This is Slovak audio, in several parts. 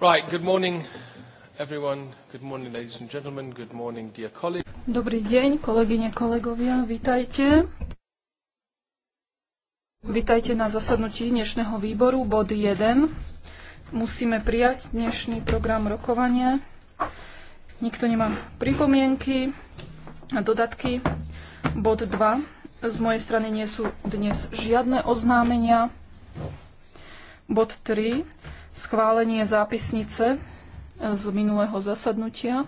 Right, good morning everyone. Good morning ladies and gentlemen. Good morning dear colleagues. Dobrý deň, kolegyne, kolegovia, vítajte. Vítajte na zasadnutí dnešného výboru, bod 1. Musíme prijať dnešný program rokovania. Nikto nemá pripomienky a dodatky. Bod 2. Z mojej strany nie sú dnes žiadne oznámenia. Bod 3 schválenie zápisnice z minulého zasadnutia.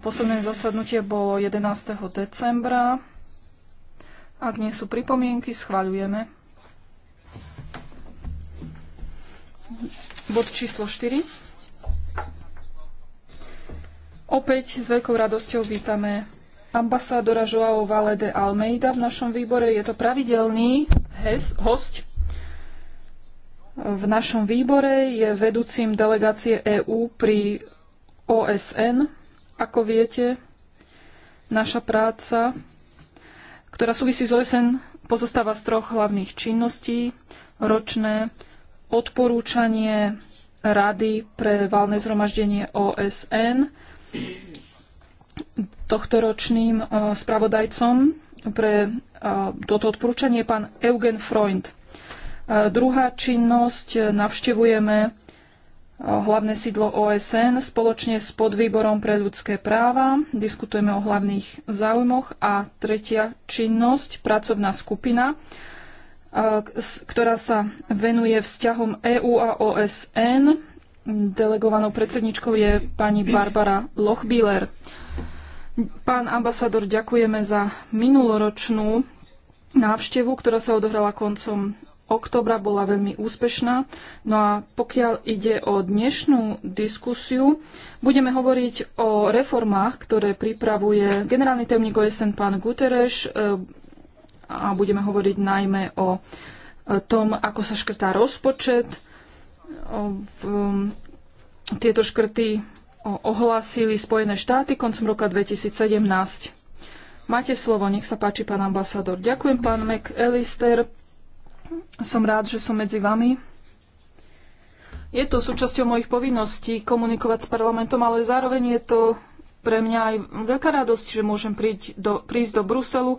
Posledné zasadnutie bolo 11. decembra. Ak nie sú pripomienky, schváľujeme. Bod číslo 4. Opäť s veľkou radosťou vítame ambasádora Joao Valede Almeida v našom výbore. Je to pravidelný hez, host v našom výbore, je vedúcim delegácie EÚ pri OSN. Ako viete, naša práca, ktorá súvisí s OSN, pozostáva z troch hlavných činností. Ročné odporúčanie Rady pre valné zhromaždenie OSN tohtoročným eh, spravodajcom pre eh, toto odporúčanie je pán Eugen Freund. Druhá činnosť, e, navštevujeme e, hlavné sídlo OSN spoločne s podvýborom pre ľudské práva, diskutujeme o hlavných záujmoch a tretia činnosť, pracovná skupina, e, ktorá sa venuje vzťahom EÚ a OSN. Delegovanou predsedničkou je pani Barbara Lochbíler. Pán ambasador, ďakujeme za minuloročnú návštevu, ktorá sa odohrala koncom oktobra bola veľmi úspešná. No a pokiaľ ide o dnešnú diskusiu, budeme hovoriť o reformách, ktoré pripravuje generálny temník OSN pán Guterres e, a budeme hovoriť najmä o e, tom, ako sa škrtá rozpočet. E, tieto škrty ohlásili Spojené štáty koncom roka 2017. Máte slovo, nech sa páči, pán ambasador. Ďakujem, pán McAllister. Som rád, že som medzi vami. Je to súčasťou mojich povinností komunikovať s parlamentom, ale zároveň je to pre mňa aj veľká radosť, že môžem príť do, prísť do Bruselu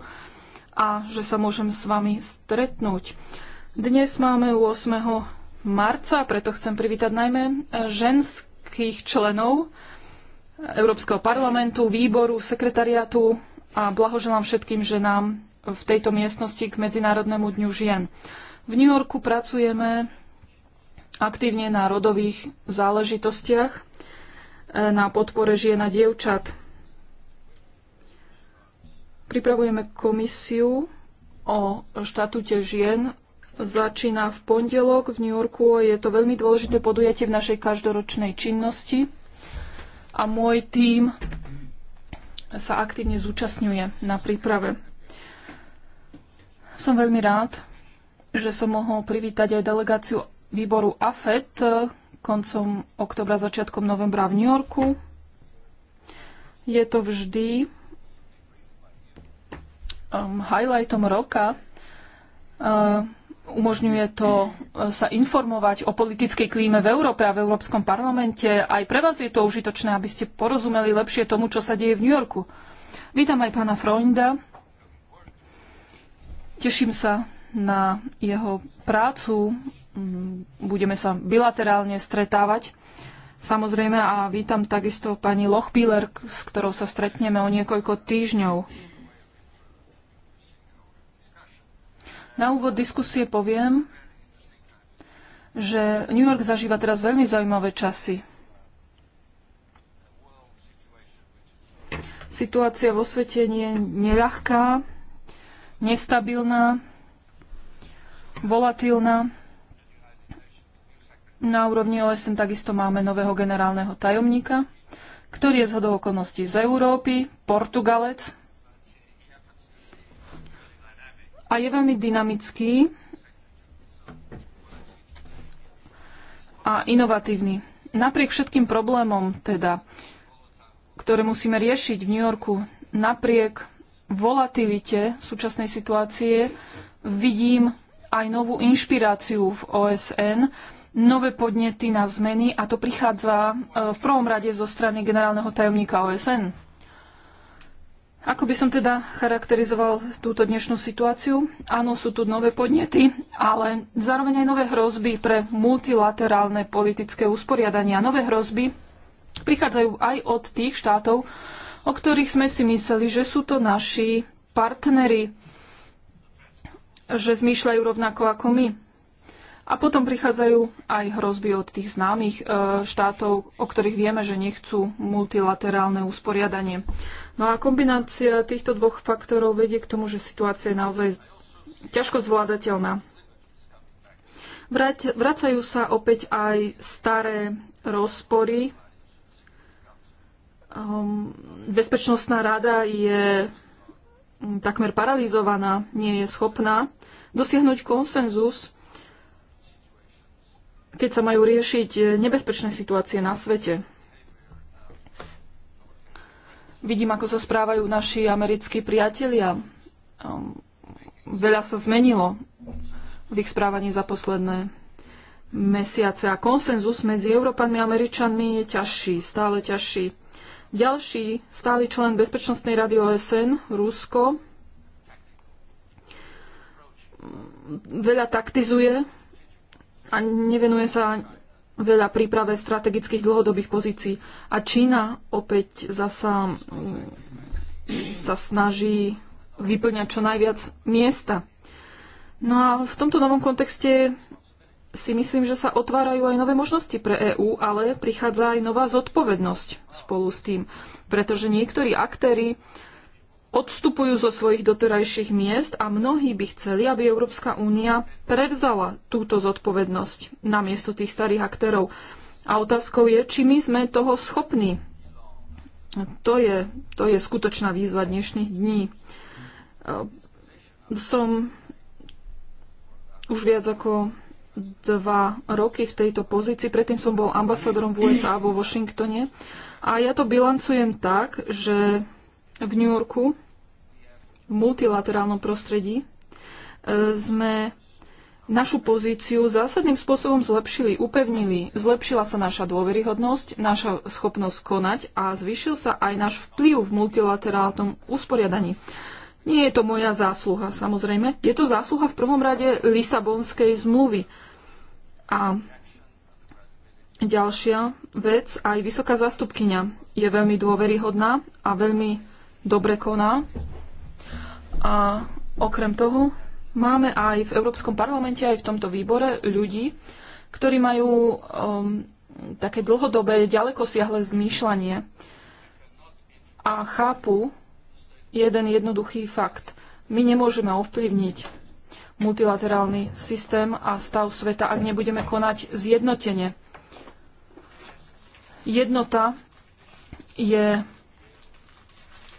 a že sa môžem s vami stretnúť. Dnes máme 8. marca, preto chcem privítať najmä ženských členov Európskeho parlamentu, výboru, sekretariatu a blahoželám všetkým ženám v tejto miestnosti k Medzinárodnému dňu žien. V New Yorku pracujeme aktívne na rodových záležitostiach, e, na podpore žien a dievčat. Pripravujeme komisiu o štatúte žien. Začína v pondelok v New Yorku. Je to veľmi dôležité podujatie v našej každoročnej činnosti a môj tím sa aktívne zúčastňuje na príprave. Som veľmi rád, že som mohol privítať aj delegáciu výboru AFET eh, koncom oktobra, začiatkom novembra v New Yorku. Je to vždy um, highlightom roka. Uh, umožňuje to eh, sa informovať o politickej klíme v Európe a v Európskom parlamente. Aj pre vás je to užitočné, aby ste porozumeli lepšie tomu, čo sa deje v New Yorku. Vítam aj pána Freunda, Teším sa na jeho prácu. Budeme sa bilaterálne stretávať. Samozrejme a vítam takisto pani Lochpíler, s ktorou sa stretneme o niekoľko týždňov. Na úvod diskusie poviem, že New York zažíva teraz veľmi zaujímavé časy. Situácia vo svete nie je neľahká nestabilná, volatilná. Na úrovni OSN takisto máme nového generálneho tajomníka, ktorý je zhodou okolností z Európy, Portugalec a je veľmi dynamický a inovatívny. Napriek všetkým problémom, teda, ktoré musíme riešiť v New Yorku, napriek volatilite súčasnej situácie vidím aj novú inšpiráciu v OSN, nové podnety na zmeny a to prichádza e, v prvom rade zo strany generálneho tajomníka OSN. Ako by som teda charakterizoval túto dnešnú situáciu? Áno, sú tu nové podnety, ale zároveň aj nové hrozby pre multilaterálne politické usporiadania. Nové hrozby prichádzajú aj od tých štátov, o ktorých sme si mysleli, že sú to naši partneri, že zmýšľajú rovnako ako my. A potom prichádzajú aj hrozby od tých známych e, štátov, o ktorých vieme, že nechcú multilaterálne usporiadanie. No a kombinácia týchto dvoch faktorov vedie k tomu, že situácia je naozaj ťažko zvládateľná. Vrať, vracajú sa opäť aj staré rozpory Bezpečnostná rada je mm, takmer paralizovaná, nie je schopná dosiahnuť konsenzus, keď sa majú riešiť nebezpečné situácie na svete. Vidím, ako sa správajú naši americkí priatelia. Ehm, veľa sa zmenilo v ich správaní za posledné mesiace a konsenzus medzi Európanmi a Američanmi je ťažší, stále ťažší. Ďalší stály člen Bezpečnostnej rady OSN, Rusko, veľa taktizuje a nevenuje sa veľa príprave strategických dlhodobých pozícií. A Čína opäť zasa sa snaží vyplňať čo najviac miesta. No a v tomto novom kontexte si myslím, že sa otvárajú aj nové možnosti pre EÚ, ale prichádza aj nová zodpovednosť spolu s tým, pretože niektorí aktéry odstupujú zo svojich doterajších miest a mnohí by chceli, aby Európska únia prevzala túto zodpovednosť na miesto tých starých aktérov. A otázkou je, či my sme toho schopní. To je, to je skutočná výzva dnešných dní. Ehm, som už viac ako dva roky v tejto pozícii. Predtým som bol ambasadorom v USA vo Washingtone. A ja to bilancujem tak, že v New Yorku v multilaterálnom prostredí e, sme našu pozíciu zásadným spôsobom zlepšili, upevnili. Zlepšila sa naša dôveryhodnosť, naša schopnosť konať a zvýšil sa aj náš vplyv v multilaterálnom usporiadaní. Nie je to moja zásluha, samozrejme. Je to zásluha v prvom rade Lisabonskej zmluvy. A ďalšia vec, aj vysoká zastupkyňa je veľmi dôveryhodná a veľmi dobre koná. A okrem toho máme aj v Európskom parlamente, aj v tomto výbore ľudí, ktorí majú um, také dlhodobé, ďalekosiahle zmýšľanie a chápu jeden jednoduchý fakt. My nemôžeme ovplyvniť multilaterálny systém a stav sveta, ak nebudeme konať zjednotene. Jednota je eh,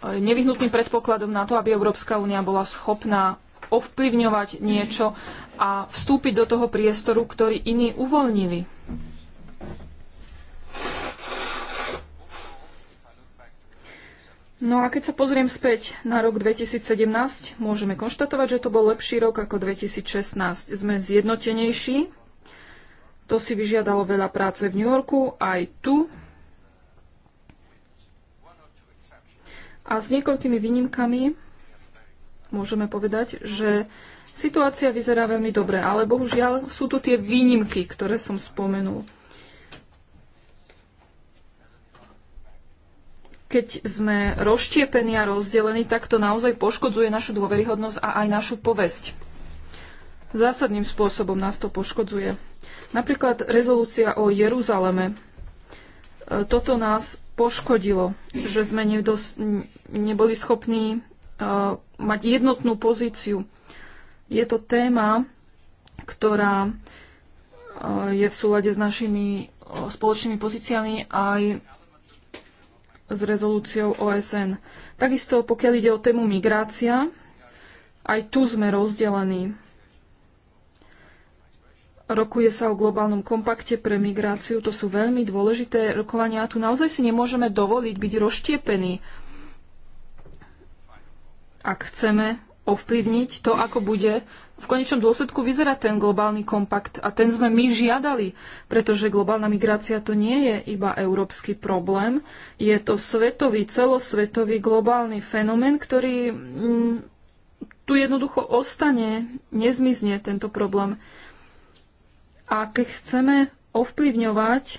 nevyhnutným predpokladom na to, aby Európska únia bola schopná ovplyvňovať niečo a vstúpiť do toho priestoru, ktorý iní uvoľnili. No a keď sa pozriem späť na rok 2017, môžeme konštatovať, že to bol lepší rok ako 2016. Sme zjednotenejší. To si vyžiadalo veľa práce v New Yorku, aj tu. A s niekoľkými výnimkami môžeme povedať, že situácia vyzerá veľmi dobre, ale bohužiaľ sú tu tie výnimky, ktoré som spomenul. keď sme rozštiepení a rozdelení, tak to naozaj poškodzuje našu dôveryhodnosť a aj našu povesť. Zásadným spôsobom nás to poškodzuje. Napríklad rezolúcia o Jeruzaleme. E, toto nás poškodilo, že sme nedos- neboli schopní uh, mať jednotnú pozíciu. Je to téma, ktorá uh, je v súlade s našimi uh, spoločnými pozíciami aj s rezolúciou OSN. Takisto, pokiaľ ide o tému migrácia, aj tu sme rozdelení. Rokuje sa o globálnom kompakte pre migráciu. To sú veľmi dôležité rokovania. Tu naozaj si nemôžeme dovoliť byť rozštiepení, ak chceme ovplyvniť to, ako bude v konečnom dôsledku vyzerá ten globálny kompakt? A ten sme my žiadali, pretože globálna migrácia to nie je iba európsky problém, je to svetový, celosvetový, globálny fenomén, ktorý mm, tu jednoducho ostane, nezmizne tento problém. A keď chceme ovplyvňovať e,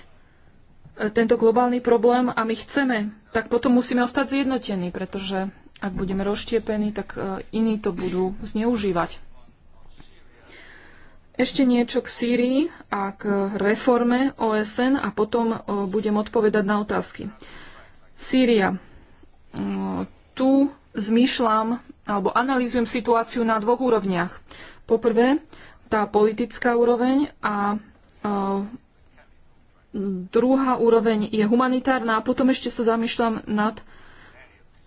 tento globálny problém a my chceme, tak potom musíme ostať zjednotení, pretože ak budeme rozštiepení, tak e, iní to budú zneužívať. Ešte niečo k Sýrii a k reforme OSN a potom e, budem odpovedať na otázky. Sýria. E, tu zmýšľam alebo analýzujem situáciu na dvoch úrovniach. Poprvé, tá politická úroveň a e, druhá úroveň je humanitárna a potom ešte sa zamýšľam nad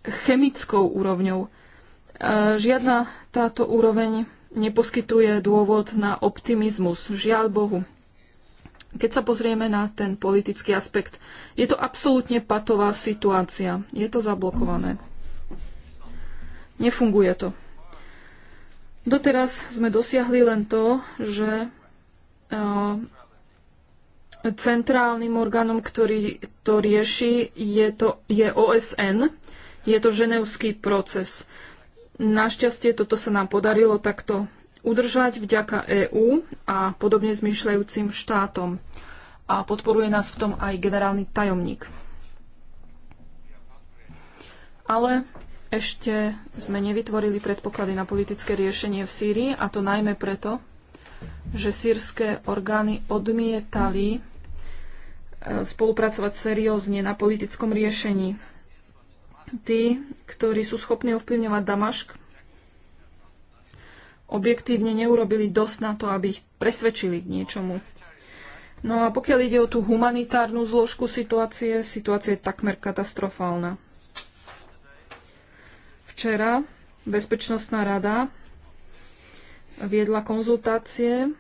chemickou úrovňou. Žiadna táto úroveň neposkytuje dôvod na optimizmus. Žiaľ Bohu. Keď sa pozrieme na ten politický aspekt, je to absolútne patová situácia. Je to zablokované. Nefunguje to. Doteraz sme dosiahli len to, že eh, centrálnym orgánom, ktorý to rieši, je, to, je OSN, je to ženevský proces. Našťastie toto sa nám podarilo takto udržať vďaka EÚ a podobne zmyšľajúcim štátom. A podporuje nás v tom aj generálny tajomník. Ale ešte sme nevytvorili predpoklady na politické riešenie v Sýrii, a to najmä preto, že sírske orgány odmietali e, spolupracovať seriózne na politickom riešení tí, ktorí sú schopní ovplyvňovať Damašk, objektívne neurobili dosť na to, aby ich presvedčili k niečomu. No a pokiaľ ide o tú humanitárnu zložku situácie, situácia je takmer katastrofálna. Včera Bezpečnostná rada viedla konzultácie,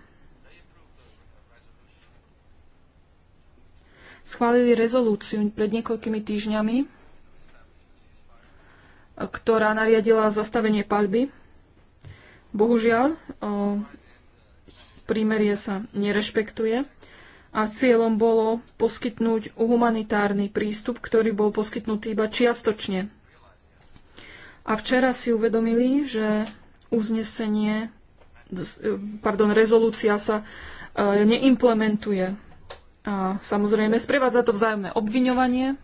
schválili rezolúciu pred niekoľkými týždňami, ktorá nariadila zastavenie palby. Bohužiaľ, prímerie sa nerešpektuje a cieľom bolo poskytnúť humanitárny prístup, ktorý bol poskytnutý iba čiastočne. A včera si uvedomili, že uznesenie, pardon, rezolúcia sa e, neimplementuje. A samozrejme, sprevádza to vzájomné obviňovanie,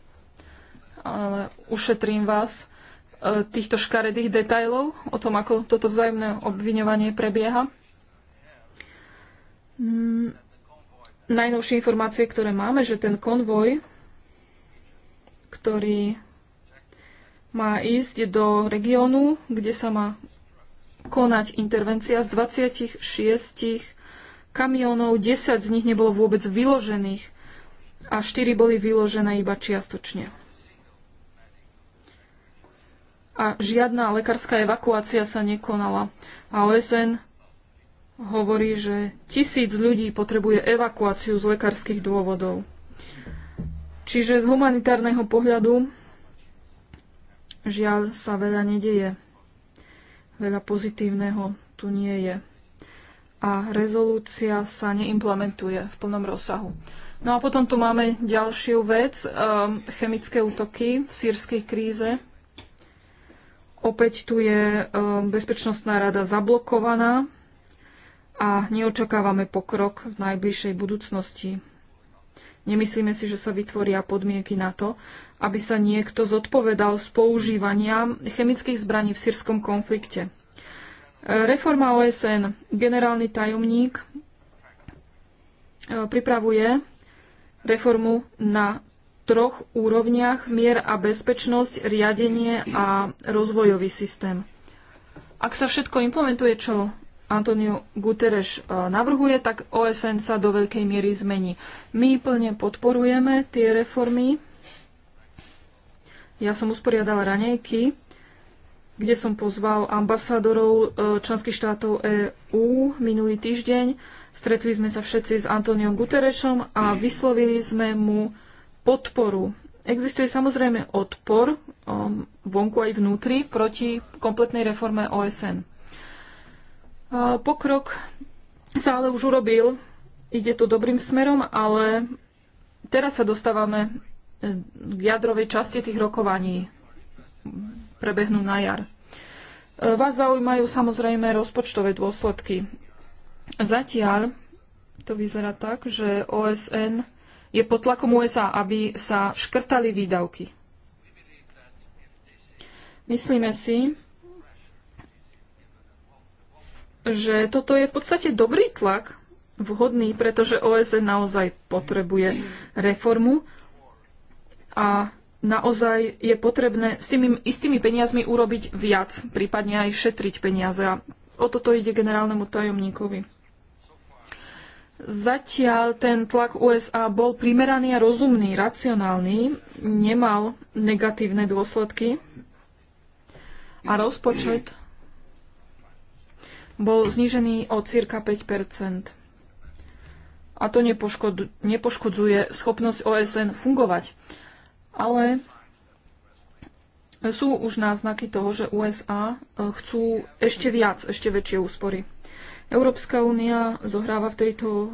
ale ušetrím vás E, týchto škaredých detajlov, o tom, ako toto vzájomné obviňovanie prebieha. Mm, najnovšie informácie, ktoré máme, že ten konvoj, ktorý má ísť do regiónu, kde sa má konať intervencia z 26 kamionov, 10 z nich nebolo vôbec vyložených a 4 boli vyložené iba čiastočne a žiadna lekárska evakuácia sa nekonala. A OSN hovorí, že tisíc ľudí potrebuje evakuáciu z lekárskych dôvodov. Čiže z humanitárneho pohľadu žiaľ sa veľa nedieje. Veľa pozitívneho tu nie je. A rezolúcia sa neimplementuje v plnom rozsahu. No a potom tu máme ďalšiu vec, ehm, chemické útoky v sírskej kríze. Opäť tu je um, Bezpečnostná rada zablokovaná a neočakávame pokrok v najbližšej budúcnosti. Nemyslíme si, že sa vytvoria podmienky na to, aby sa niekto zodpovedal z používania chemických zbraní v sírskom konflikte. Reforma OSN, generálny tajomník uh, pripravuje reformu na troch úrovniach mier a bezpečnosť, riadenie a rozvojový systém. Ak sa všetko implementuje, čo Antonio Guterres e, navrhuje, tak OSN sa do veľkej miery zmení. My plne podporujeme tie reformy. Ja som usporiadala ranejky, kde som pozval ambasádorov e, členských štátov EÚ minulý týždeň. Stretli sme sa všetci s Antoniom Guterešom a vyslovili sme mu podporu. Existuje samozrejme odpor um, vonku aj vnútri proti kompletnej reforme OSN. Uh, pokrok sa ale už urobil, ide to dobrým smerom, ale teraz sa dostávame uh, k jadrovej časti tých rokovaní. Prebehnú na jar. Uh, vás zaujímajú samozrejme rozpočtové dôsledky. Zatiaľ to vyzerá tak, že OSN je pod tlakom USA, aby sa škrtali výdavky. Myslíme si, že toto je v podstate dobrý tlak, vhodný, pretože OSN naozaj potrebuje reformu a naozaj je potrebné s tými istými peniazmi urobiť viac, prípadne aj šetriť peniaze. A o toto ide generálnemu tajomníkovi. Zatiaľ ten tlak USA bol primeraný a rozumný, racionálny, nemal negatívne dôsledky a rozpočet bol znížený o cirka 5 A to nepoškodzuje schopnosť OSN fungovať. Ale sú už náznaky toho, že USA eh, chcú ešte viac, ešte väčšie úspory. Európska únia zohráva v tejto uh,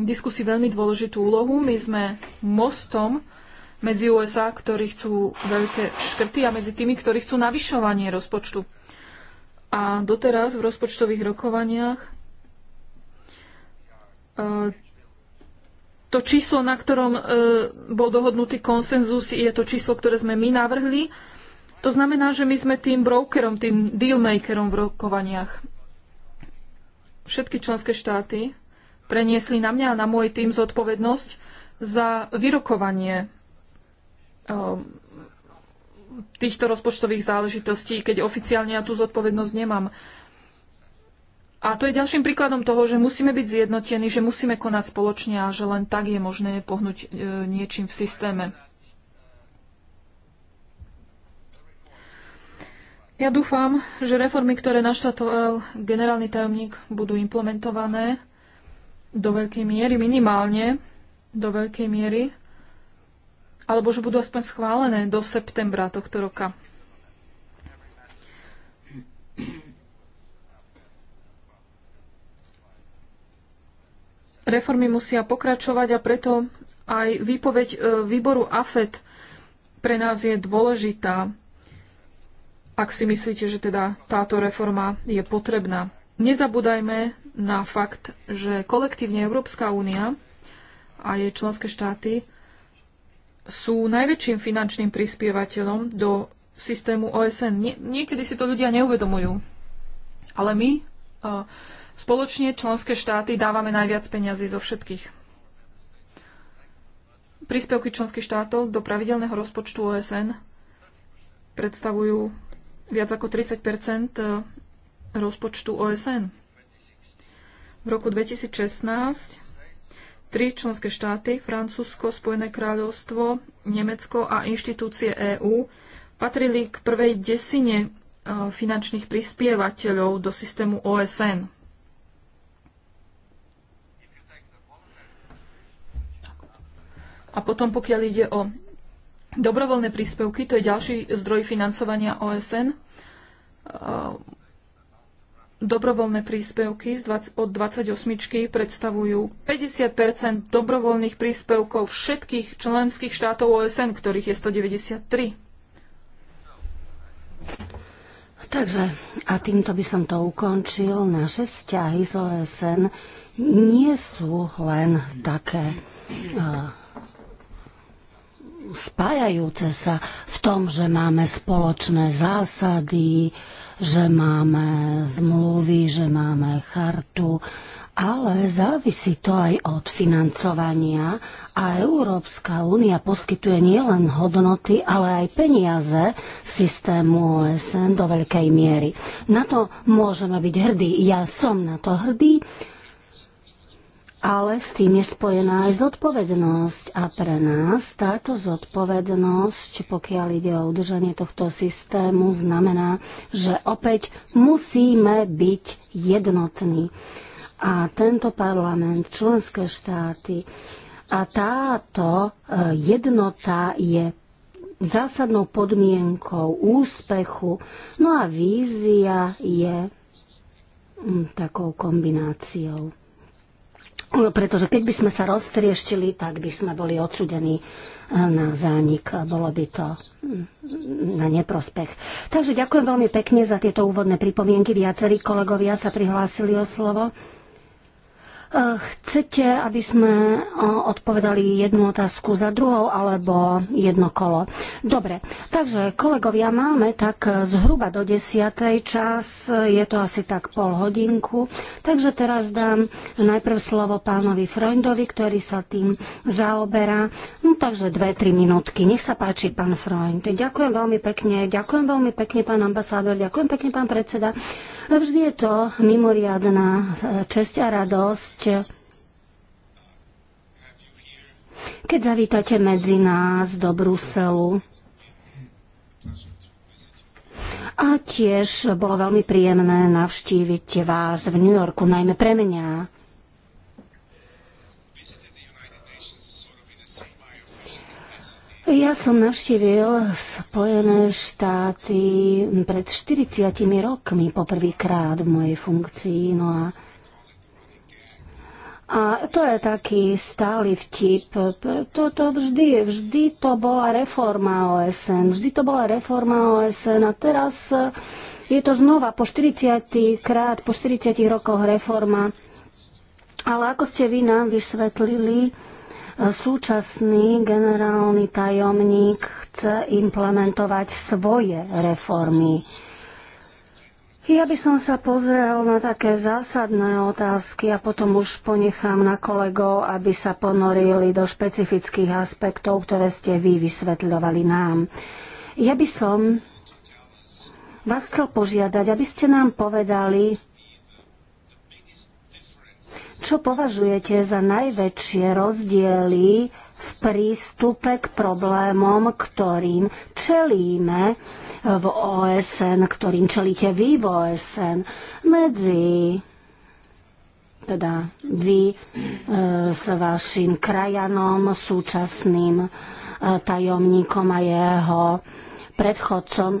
diskusii veľmi dôležitú úlohu. My sme mostom medzi USA, ktorí chcú veľké škrty a medzi tými, ktorí chcú navyšovanie rozpočtu. A doteraz v rozpočtových rokovaniach uh, to číslo, na ktorom uh, bol dohodnutý konsenzus, je to číslo, ktoré sme my navrhli. To znamená, že my sme tým brokerom, tým dealmakerom v rokovaniach všetky členské štáty preniesli na mňa a na môj tým zodpovednosť za vyrokovanie ehm, týchto rozpočtových záležitostí, keď oficiálne ja tú zodpovednosť nemám. A to je ďalším príkladom toho, že musíme byť zjednotení, že musíme konať spoločne a že len tak je možné pohnúť e, niečím v systéme. Ja dúfam, že reformy, ktoré naštatoval generálny tajomník, budú implementované do veľkej miery, minimálne do veľkej miery, alebo že budú aspoň schválené do septembra tohto roka. Reformy musia pokračovať a preto aj výpoveď e, výboru AFET pre nás je dôležitá ak si myslíte, že teda táto reforma je potrebná. Nezabúdajme na fakt, že kolektívne Európska únia a jej členské štáty sú najväčším finančným prispievateľom do systému OSN. Nie, niekedy si to ľudia neuvedomujú, ale my e, spoločne členské štáty dávame najviac peniazy zo všetkých. Príspevky členských štátov do pravidelného rozpočtu OSN predstavujú viac ako 30 e, rozpočtu OSN. V roku 2016 tri členské štáty, Francúzsko, Spojené kráľovstvo, Nemecko a inštitúcie EÚ, patrili k prvej desine e, finančných prispievateľov do systému OSN. A potom, pokiaľ ide o Dobrovoľné príspevky, to je ďalší zdroj financovania OSN. E, dobrovoľné príspevky od 28 predstavujú 50 dobrovoľných príspevkov všetkých členských štátov OSN, ktorých je 193. Takže a týmto by som to ukončil. Naše vzťahy z OSN nie sú len také uh, spájajúce sa v tom, že máme spoločné zásady, že máme zmluvy, že máme chartu, ale závisí to aj od financovania a Európska únia poskytuje nielen hodnoty, ale aj peniaze systému OSN do veľkej miery. Na to môžeme byť hrdí. Ja som na to hrdý ale s tým je spojená aj zodpovednosť a pre nás táto zodpovednosť, pokiaľ ide o udržanie tohto systému, znamená, že opäť musíme byť jednotní. A tento parlament, členské štáty a táto e, jednota je zásadnou podmienkou úspechu. No a vízia je mm, takou kombináciou pretože keď by sme sa roztrieštili, tak by sme boli odsudení e, na zánik. Bolo by to mm, na neprospech. Takže ďakujem veľmi pekne za tieto úvodné pripomienky. Viacerí kolegovia sa prihlásili o slovo. E, chcete, aby sme e, odpovedali jednu otázku za druhou alebo jedno kolo? Dobre, takže kolegovia, máme tak e, zhruba do desiatej čas, je to asi tak pol hodinku, takže teraz dám najprv slovo pánovi Freundovi, ktorý sa tým zaoberá. No takže dve, tri minútky. Nech sa páči, pán Freund. Ďakujem veľmi pekne, ďakujem veľmi pekne, pán ambasádor, ďakujem pekne, pán predseda. Vždy je to mimoriadná česť a radosť keď zavítate medzi nás do Bruselu. A tiež bolo veľmi príjemné navštíviť vás v New Yorku, najmä pre mňa. Ja som navštívil Spojené štáty pred 40 rokmi poprvýkrát v mojej funkcii, no a a to je taký stály vtip. to vždy, vždy to bola reforma OSN. Vždy to bola reforma OSN a teraz e, je to znova po 40 krát, po 40 rokoch reforma. Ale ako ste vy nám vysvetlili, e, súčasný generálny tajomník chce implementovať svoje reformy. Ja by som sa pozrel na také zásadné otázky a potom už ponechám na kolegov, aby sa ponorili do špecifických aspektov, ktoré ste vy vysvetľovali nám. Ja by som vás chcel požiadať, aby ste nám povedali, čo považujete za najväčšie rozdiely prístupe k problémom, ktorým čelíme v OSN, ktorým čelíte vy v OSN, medzi teda vy e, s vašim krajanom, súčasným e, tajomníkom a jeho predchodcom. E,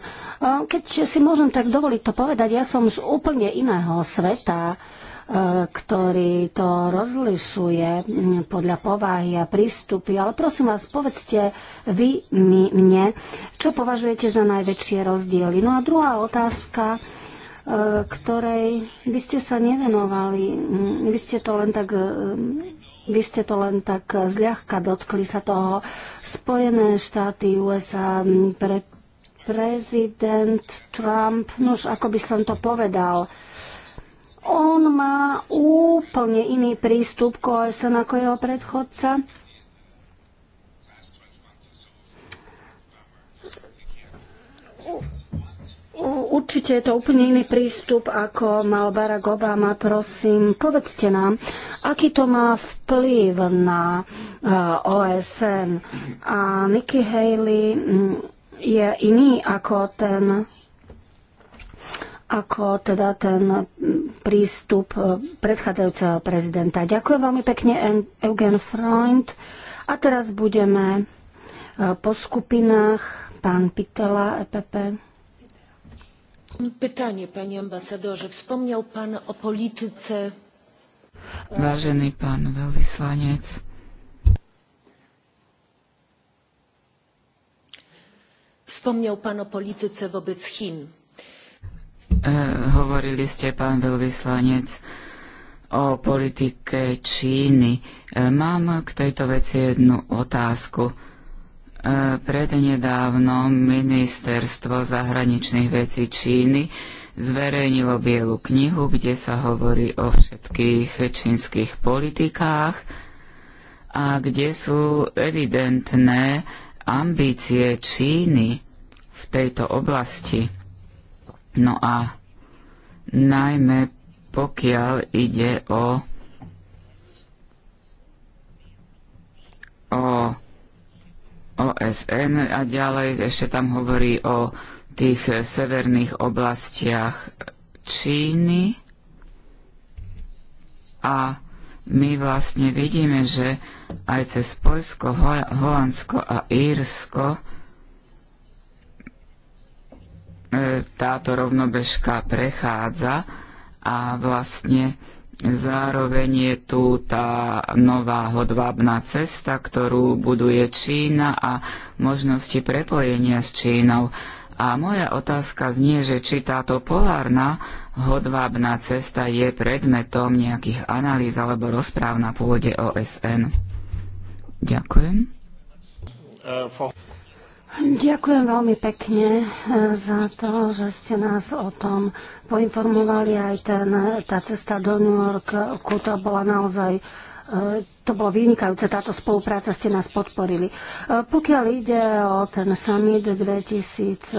keď si môžem tak dovoliť to povedať, ja som z úplne iného sveta. E, ktorý to rozlišuje podľa povahy a prístupy. Ale prosím vás, povedzte vy mi, mne, čo považujete za najväčšie rozdiely. No a druhá otázka, e, ktorej by ste sa nevenovali, vy ste to len tak e, vy ste to len tak zľahka dotkli sa toho. Spojené štáty USA, pre, prezident Trump, no už ako by som to povedal, uh, on má úplne iný prístup k OSN ako jeho predchodca. Určite je to úplne iný prístup, ako mal Barack Obama. Prosím, povedzte nám, aký to má vplyv na eh, OSN. A Nikki Haley mm, je iný ako ten ako teda ten prístup e, predchádzajúceho prezidenta. Ďakujem veľmi pekne, Eugen Freund. A teraz budeme e, po skupinách. Pán Pitela, EPP. Pytanie, pani ambasadorze. Vspomňal pán o polityce... Vážený pán veľvyslanec, Wspomniał pan o polityce wobec Chin E, hovorili ste, pán veľvyslanec, o politike Číny. E, mám k tejto veci jednu otázku. E, Prednedávno ministerstvo zahraničných vecí Číny zverejnilo bielu knihu, kde sa hovorí o všetkých čínskych politikách a kde sú evidentné ambície Číny v tejto oblasti No a najmä pokiaľ ide o, o OSN a ďalej ešte tam hovorí o tých severných oblastiach Číny a my vlastne vidíme, že aj cez Poľsko, Holandsko a Írsko E, táto rovnobežka prechádza a vlastne zároveň je tu tá nová hodvábna cesta, ktorú buduje Čína a možnosti prepojenia s Čínou. A moja otázka znie, že či táto polárna hodvábna cesta je predmetom nejakých analýz alebo rozpráv na pôde OSN. Ďakujem. Uh, Ďakujem veľmi pekne eh, za to, že ste nás o tom poinformovali. Aj ten, eh, tá cesta do New Yorku, eh, to bola naozaj to bolo vynikajúce, táto spolupráca ste nás podporili. Pokiaľ ide o ten summit 2000,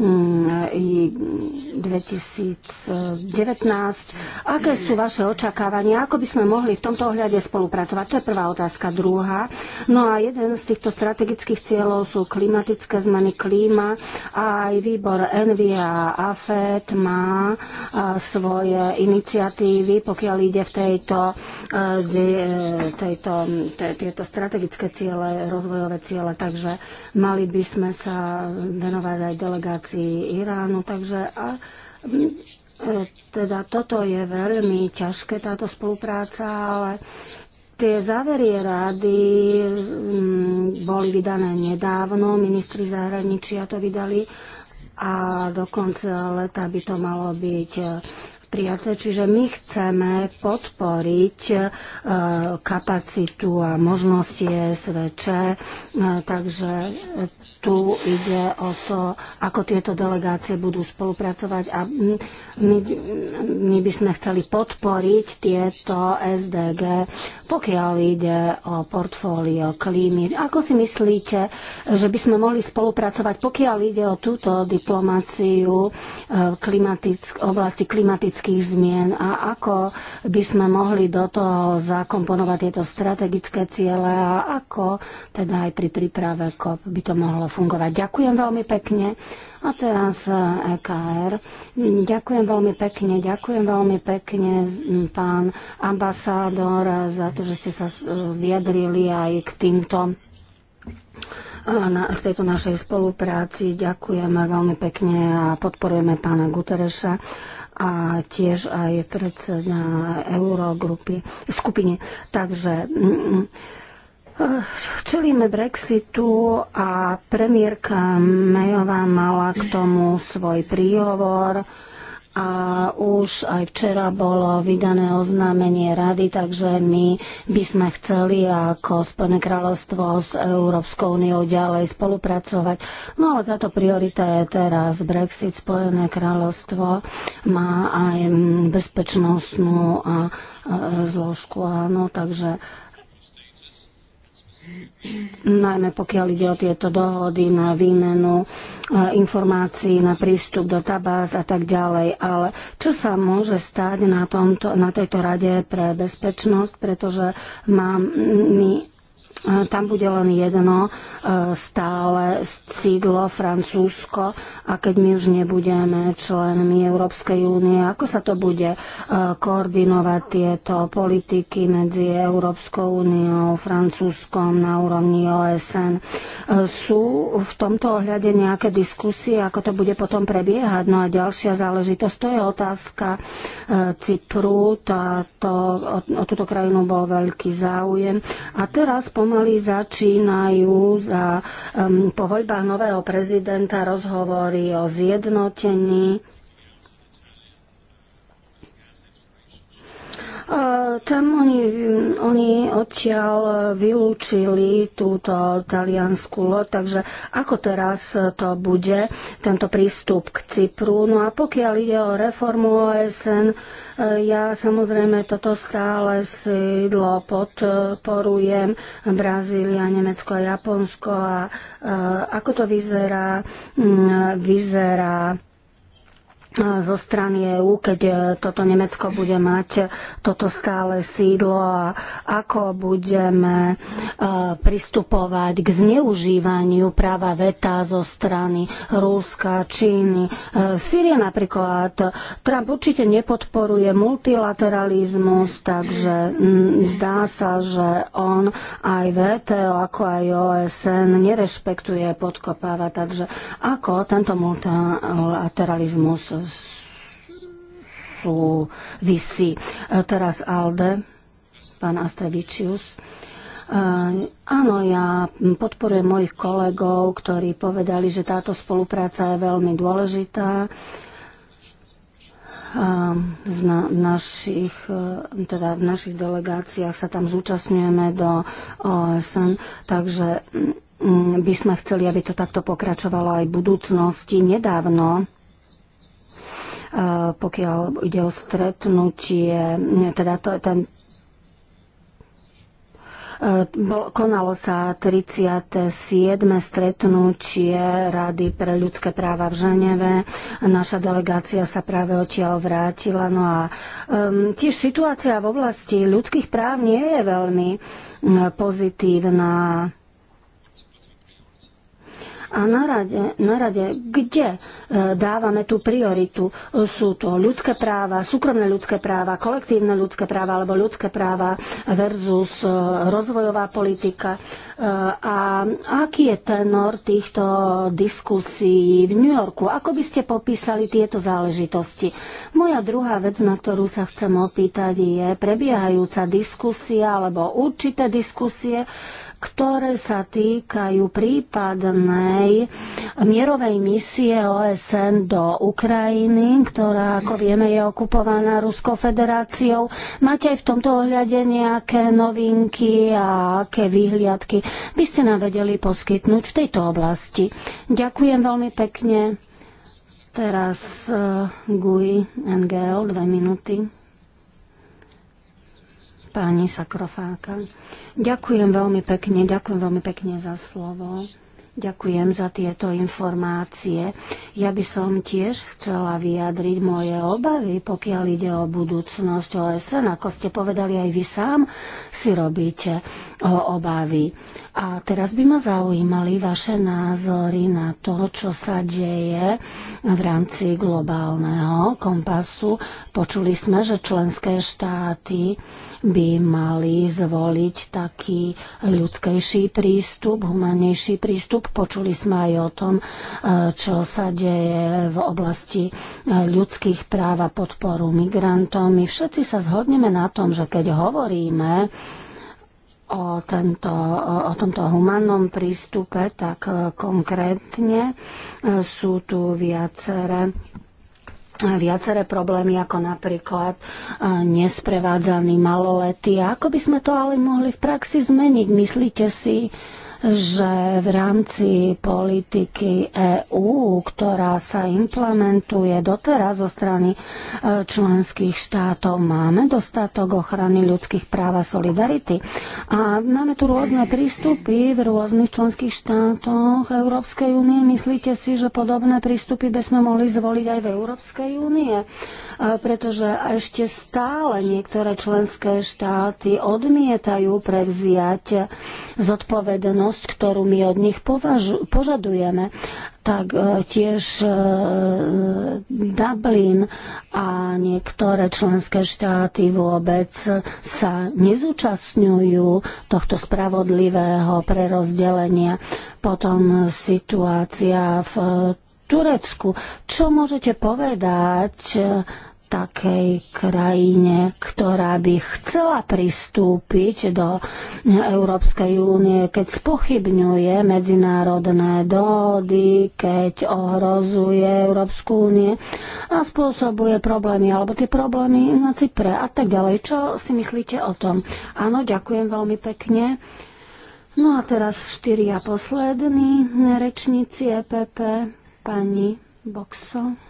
2019. Mm, Aké sú vaše očakávania? Ako by sme mohli v tomto ohľade spolupracovať? To je prvá otázka. Druhá. No a jeden z týchto strategických cieľov sú klimatické zmeny klíma a aj výbor Envy a AFET má svoje iniciatívy, pokiaľ ide v tejto, e, e, tejto, tieto strategické ciele, rozvojové ciele. Takže mali by sme sa venovať aj delegácii situácii Iránu. Takže a, e, teda toto je veľmi ťažké, táto spolupráca, ale tie závery rády mm, boli vydané nedávno, ministri zahraničia to vydali a do konca leta by to malo byť e, prijaté. Čiže my chceme podporiť e, kapacitu a možnosti SVČ, takže tu ide o to, ako tieto delegácie budú spolupracovať a my, my by sme chceli podporiť tieto SDG, pokiaľ ide o portfólio klímy. Ako si myslíte, že by sme mohli spolupracovať, pokiaľ ide o túto diplomáciu e, klimatick, oblasti klimatických zmien a ako by sme mohli do toho zakomponovať tieto strategické ciele a ako teda aj pri príprave COP by to mohlo fungovať. Ďakujem veľmi pekne. A teraz EKR. E ďakujem veľmi pekne, ďakujem veľmi pekne, pán ambasádor, za to, že ste sa e, vyjadrili aj k týmto na, k tejto našej spolupráci. Ďakujeme veľmi pekne a podporujeme pána Gutereša a tiež aj predseda Eurogrupy, skupine. Takže Čelíme Brexitu a premiérka Mayová mala k tomu svoj príhovor a už aj včera bolo vydané oznámenie rady, takže my by sme chceli ako Spojené kráľovstvo s Európskou úniou ďalej spolupracovať. No ale táto priorita je teraz Brexit. Spojené kráľovstvo má aj bezpečnostnú a e, zložku, áno, takže najmä pokiaľ ide o tieto dohody na výmenu e, informácií, na prístup do tabás a tak ďalej. Ale čo sa môže stať na, tomto, na tejto rade pre bezpečnosť, pretože mám, my tam bude len jedno e, stále sídlo Francúzsko a keď my už nebudeme členmi Európskej únie, ako sa to bude e, koordinovať tieto politiky medzi Európskou úniou, Francúzskom na úrovni OSN? E, sú v tomto ohľade nejaké diskusie, ako to bude potom prebiehať? No a ďalšia záležitosť, to je otázka Cypru. Táto, o, o túto krajinu bol veľký záujem. A teraz pomôžeme pomaly začínajú za, um, po voľbách nového prezidenta rozhovory o zjednotení E, tam oni, oni odtiaľ vylúčili túto taliansku loď, takže ako teraz to bude, tento prístup k Cypru. No a pokiaľ ide o reformu OSN, e, ja samozrejme toto stále sídlo podporujem Brazília, Nemecko a Japonsko a e, ako to vyzerá, vyzerá E, zo strany EÚ, keď e, toto Nemecko bude mať toto stále sídlo a ako budeme e, pristupovať k zneužívaniu práva veta zo strany Rúska, Číny. Sýrie napríklad. Trump určite nepodporuje multilateralizmus, takže mm, zdá sa, že on aj VTO, ako aj OSN nerešpektuje, podkopáva. Takže ako tento multilateralizmus sú e, Teraz Alde, pán Astrevičius. E, áno, ja podporujem mojich kolegov, ktorí povedali, že táto spolupráca je veľmi dôležitá e, z na, našich, teda v našich delegáciách sa tam zúčastňujeme do OSN, takže mm, mm, by sme chceli, aby to takto pokračovalo aj v budúcnosti. Nedávno Eh, pokiaľ ide o stretnutie, teda to, ten, eh, konalo sa 37. stretnutie Rady pre ľudské práva v Ženeve. Naša delegácia sa práve odtiaľ vrátila. No a um, tiež situácia v oblasti ľudských práv nie je veľmi eh, pozitívna. A na rade, na rade kde e, dávame tú prioritu? Sú to ľudské práva, súkromné ľudské práva, kolektívne ľudské práva alebo ľudské práva versus e, rozvojová politika. E, a aký je tenor týchto diskusí v New Yorku? Ako by ste popísali tieto záležitosti? Moja druhá vec, na ktorú sa chcem opýtať, je prebiehajúca diskusia alebo určité diskusie ktoré sa týkajú prípadnej mierovej misie OSN do Ukrajiny, ktorá, ako vieme, je okupovaná Ruskou federáciou. Máte aj v tomto ohľade nejaké novinky a aké výhliadky by ste nám vedeli poskytnúť v tejto oblasti? Ďakujem veľmi pekne. Teraz uh, eh, GUI NGL, dve minúty. Pani Sakrofáka, ďakujem veľmi pekne, ďakujem veľmi pekne za slovo. Ďakujem za tieto informácie. Ja by som tiež chcela vyjadriť moje obavy, pokiaľ ide o budúcnosť OSN. Ako ste povedali, aj vy sám si robíte o obavy. A teraz by ma zaujímali vaše názory na to, čo sa deje v rámci globálneho kompasu. Počuli sme, že členské štáty by mali zvoliť taký ľudskejší prístup, humanejší prístup. Počuli sme aj o tom, e, čo sa deje v oblasti e, ľudských práv a podporu migrantom. My všetci sa zhodneme na tom, že keď hovoríme o, tento, o tomto humannom prístupe, tak e, konkrétne e, sú tu viaceré viaceré problémy, ako napríklad e, nesprevádzaný maloletý. Ako by sme to ale mohli v praxi zmeniť? Myslíte si, že v rámci politiky EÚ, ktorá sa implementuje doteraz zo strany e, členských štátov, máme dostatok ochrany ľudských práv a solidarity. A máme tu rôzne prístupy v rôznych členských štátoch Európskej únie. Myslíte si, že podobné prístupy by sme mohli zvoliť aj v Európskej únie? E, pretože ešte stále niektoré členské štáty odmietajú prevziať zodpovednosť činnosť, ktorú my od nich považu, požadujeme, tak e, tiež e, Dublin a niektoré členské štáty vôbec sa nezúčastňujú tohto spravodlivého prerozdelenia. Potom situácia v Turecku. Čo môžete povedať takej krajine, ktorá by chcela pristúpiť do Európskej únie, keď spochybňuje medzinárodné dohody, keď ohrozuje Európsku únie a spôsobuje problémy, alebo tie problémy na Cypre a tak ďalej. Čo si myslíte o tom? Áno, ďakujem veľmi pekne. No a teraz štyria poslední rečníci EPP, pani Boxo.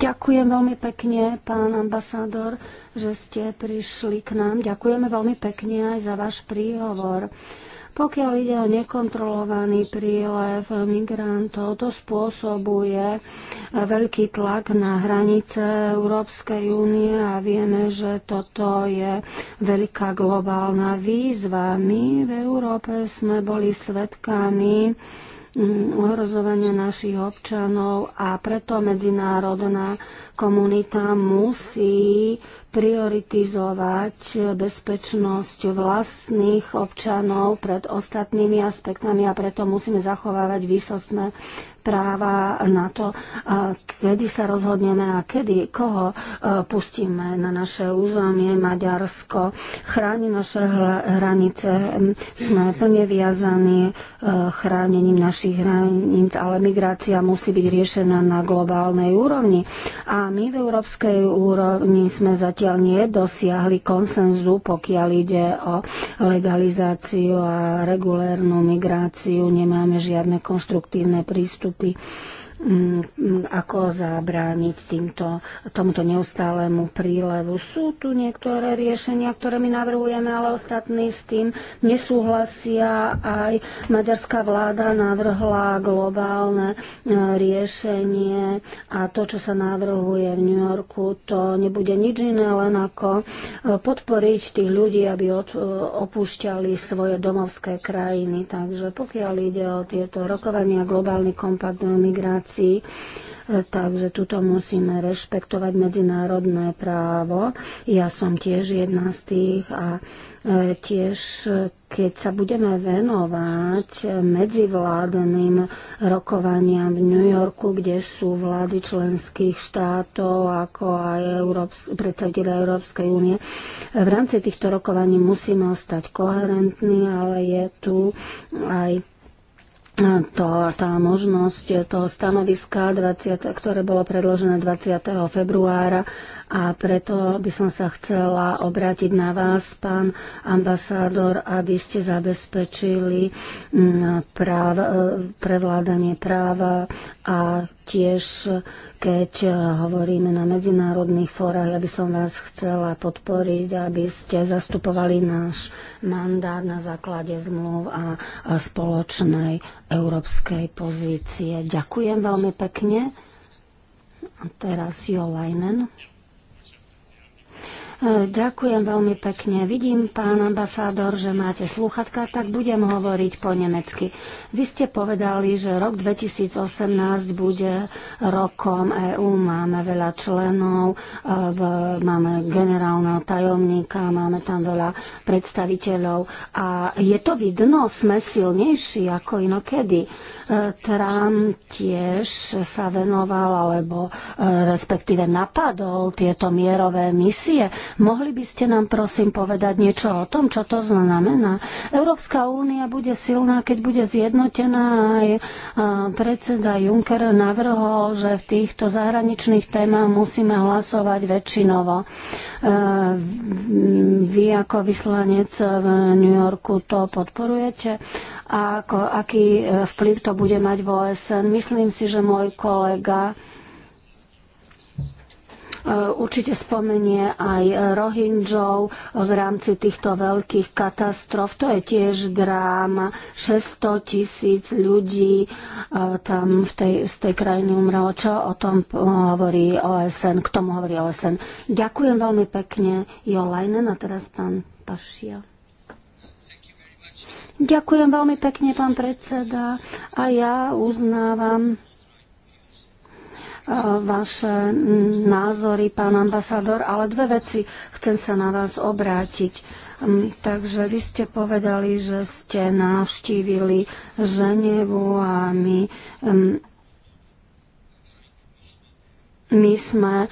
Ďakujem veľmi pekne, pán ambasádor, že ste prišli k nám. Ďakujeme veľmi pekne aj za váš príhovor. Pokiaľ ide o nekontrolovaný prílev migrantov, to spôsobuje veľký tlak na hranice Európskej únie a vieme, že toto je veľká globálna výzva. My v Európe sme boli svetkami Mm, ohrozovania našich občanov a preto medzinárodná komunita musí prioritizovať bezpečnosť vlastných občanov pred ostatnými aspektami a preto musíme zachovávať výsostné práva na to, kedy sa rozhodneme a kedy koho e, pustíme na naše územie. Maďarsko chráni naše hranice, sme plne viazaní e, chránením našich hraníc, ale migrácia musí byť riešená na globálnej úrovni. A my v európskej úrovni sme zatiaľ zatiaľ nedosiahli konsenzu, pokiaľ ide o legalizáciu a regulérnu migráciu. Nemáme žiadne konštruktívne prístupy Mm, ako zabrániť týmto, tomuto neustálemu prílevu. Sú tu niektoré riešenia, ktoré my navrhujeme, ale ostatní s tým nesúhlasia. Aj maďarská vláda navrhla globálne e, riešenie a to, čo sa navrhuje v New Yorku, to nebude nič iné, len ako e, podporiť tých ľudí, aby e, opúšťali svoje domovské krajiny. Takže pokiaľ ide o tieto rokovania, globálny kompakt o migrácii, veci, e, takže tuto musíme rešpektovať medzinárodné právo. Ja som tiež jedna z tých a e, tiež keď sa budeme venovať medzivládnym rokovaniam v New Yorku, kde sú vlády členských štátov, ako aj Európs- predstaviteľe Európskej únie, v rámci týchto rokovaní musíme ostať koherentní, ale je tu aj to, tá možnosť toho stanoviska, 20, ktoré bolo predložené 20. februára a preto by som sa chcela obrátiť na vás, pán ambasádor, aby ste zabezpečili mm, práv, e, prevládanie práva a tiež, keď hovoríme na medzinárodných fórach, ja by som vás chcela podporiť, aby ste zastupovali náš mandát na základe zmluv a, a spoločnej európskej pozície. Ďakujem veľmi pekne. A teraz Jolajnen. Ďakujem. Ďakujem veľmi pekne. Vidím, pán ambasádor, že máte sluchatka, tak budem hovoriť po nemecky. Vy ste povedali, že rok 2018 bude rokom EÚ. Máme veľa členov, e, máme generálneho tajomníka, máme tam veľa predstaviteľov. A je to vidno, sme silnejší ako inokedy. Trám tiež sa venoval alebo e, respektíve napadol tieto mierové misie. Mohli by ste nám prosím povedať niečo o tom, čo to znamená? Európska únia bude silná, keď bude zjednotená. Aj e, predseda Juncker navrhol, že v týchto zahraničných témach musíme hlasovať väčšinovo. E, vy ako vyslanec v New Yorku to podporujete? a ako, aký e, vplyv to bude mať v OSN. Myslím si, že môj kolega e, určite spomenie aj Rohingyov v rámci týchto veľkých katastrof. To je tiež dráma. 600 tisíc ľudí e, tam v tej, z tej krajiny umrelo. Čo o tom hovorí OSN? K tomu hovorí OSN. Ďakujem veľmi pekne. Jo Leinen a teraz pán Pašia. Ďakujem veľmi pekne, pán predseda, a ja uznávam e, vaše názory, pán ambasador, ale dve veci chcem sa na vás obrátiť. Mm, takže vy ste povedali, že ste navštívili Ženevu a my mm, my sme e,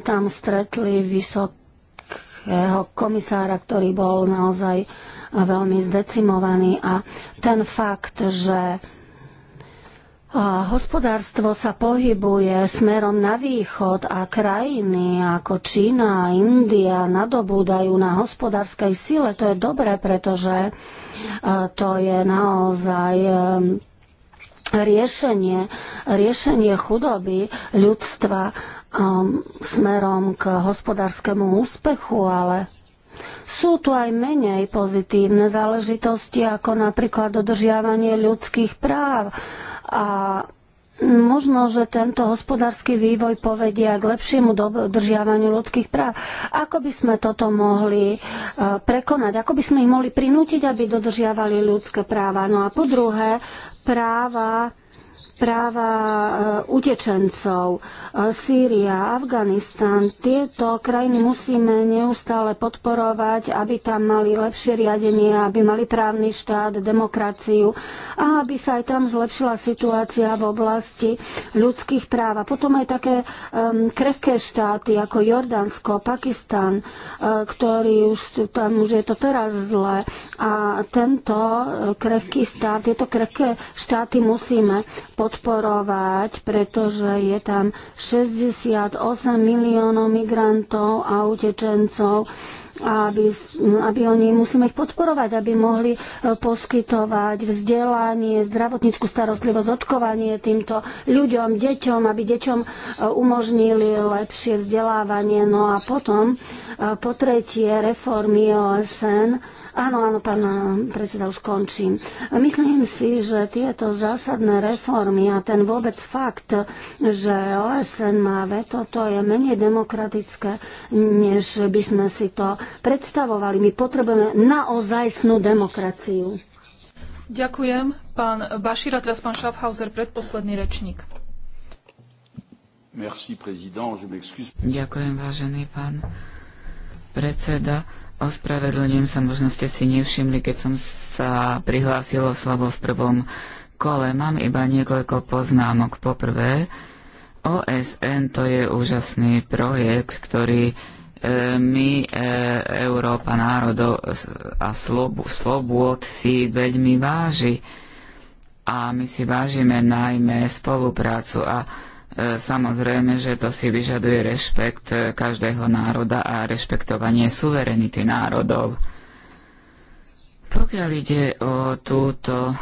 tam stretli vysokého komisára, ktorý bol naozaj veľmi zdecimovaný. a ten fakt, že Hospodárstvo sa pohybuje smerom na východ a krajiny ako Čína a India nadobúdajú na hospodárskej sile. To je dobré, pretože to je naozaj riešenie, riešenie chudoby ľudstva smerom k hospodárskému úspechu, ale sú tu aj menej pozitívne záležitosti, ako napríklad dodržiavanie ľudských práv a Možno, že tento hospodársky vývoj povedia k lepšiemu dodržiavaniu ľudských práv. Ako by sme toto mohli e, prekonať? Ako by sme ich mohli prinútiť, aby dodržiavali ľudské práva? No a po druhé, práva práva eh, utečencov, eh, Sýria, Afganistan, tieto krajiny musíme neustále podporovať, aby tam mali lepšie riadenie, aby mali právny štát, demokraciu a aby sa aj tam zlepšila situácia v oblasti ľudských práv. A potom aj také um, krehké štáty ako Jordánsko, Pakistan, uh, eh, ktorý už tam už je to teraz zle. A tento krehký stát, tieto krehké štáty musíme podporovať, pretože je tam 68 miliónov migrantov a utečencov aby, aby oni musíme ich podporovať, aby mohli e, poskytovať vzdelanie, zdravotníckú starostlivosť, odkovanie týmto ľuďom, deťom, aby deťom e, umožnili lepšie vzdelávanie. No a potom, e, po tretie, reformy OSN, Áno, áno, pán eh, predseda, už končím. Myslím si, že tieto zásadné reformy a ten vôbec fakt, že OSN má veto, to je menej demokratické, než by sme si to predstavovali. My potrebujeme snú demokraciu. Ďakujem, pán Bašír teraz pán Schaffhauser, predposledný rečník. Merci, Ďakujem, vážený pán predseda. Ospravedlňujem sa, možno ste si nevšimli, keď som sa prihlásil o slovo v prvom kole. Mám iba niekoľko poznámok. Poprvé, OSN to je úžasný projekt, ktorý e, my, e, Európa národov a slobôd si veľmi váži a my si vážime najmä spoluprácu a E, samozrejme, že to si vyžaduje rešpekt e, každého národa a rešpektovanie suverenity národov. Pokiaľ ide o túto e,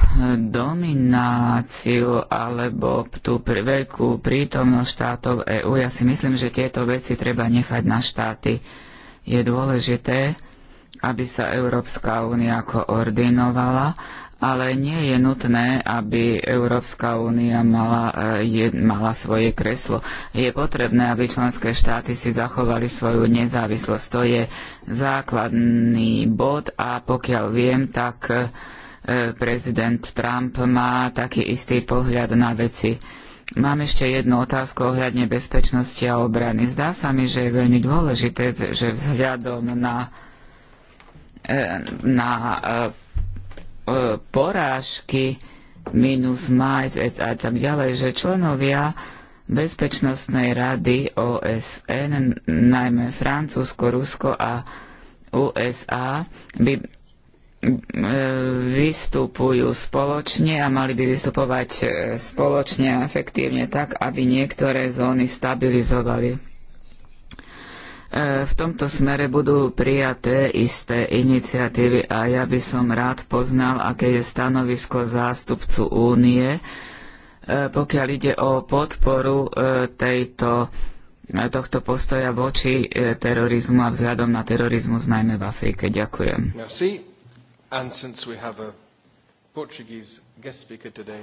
domináciu alebo tú veľkú prítomnosť štátov EÚ, ja si myslím, že tieto veci treba nechať na štáty. Je dôležité, aby sa Európska únia koordinovala ale nie je nutné, aby Európska únia mala, e, je, mala svoje kreslo. Je potrebné, aby členské štáty si zachovali svoju nezávislosť. To je základný bod a pokiaľ viem, tak e, prezident Trump má taký istý pohľad na veci. Mám ešte jednu otázku ohľadne bezpečnosti a obrany. Zdá sa mi, že je veľmi dôležité, že vzhľadom na, e, na e, E, porážky minus MAIC a tak ďalej, že členovia Bezpečnostnej rady OSN, najmä Francúzsko, Rusko a USA, by e, vystupujú spoločne a mali by vystupovať e, spoločne a efektívne tak, aby niektoré zóny stabilizovali. E, v tomto smere budú prijaté isté iniciatívy a ja by som rád poznal, aké je stanovisko zástupcu únie, e, pokiaľ ide o podporu e, tejto, tohto postoja voči terorizmu a vzhľadom na terorizmus najmä v Afrike. Ďakujem. Merci. And since we have a Portuguese guest speaker today,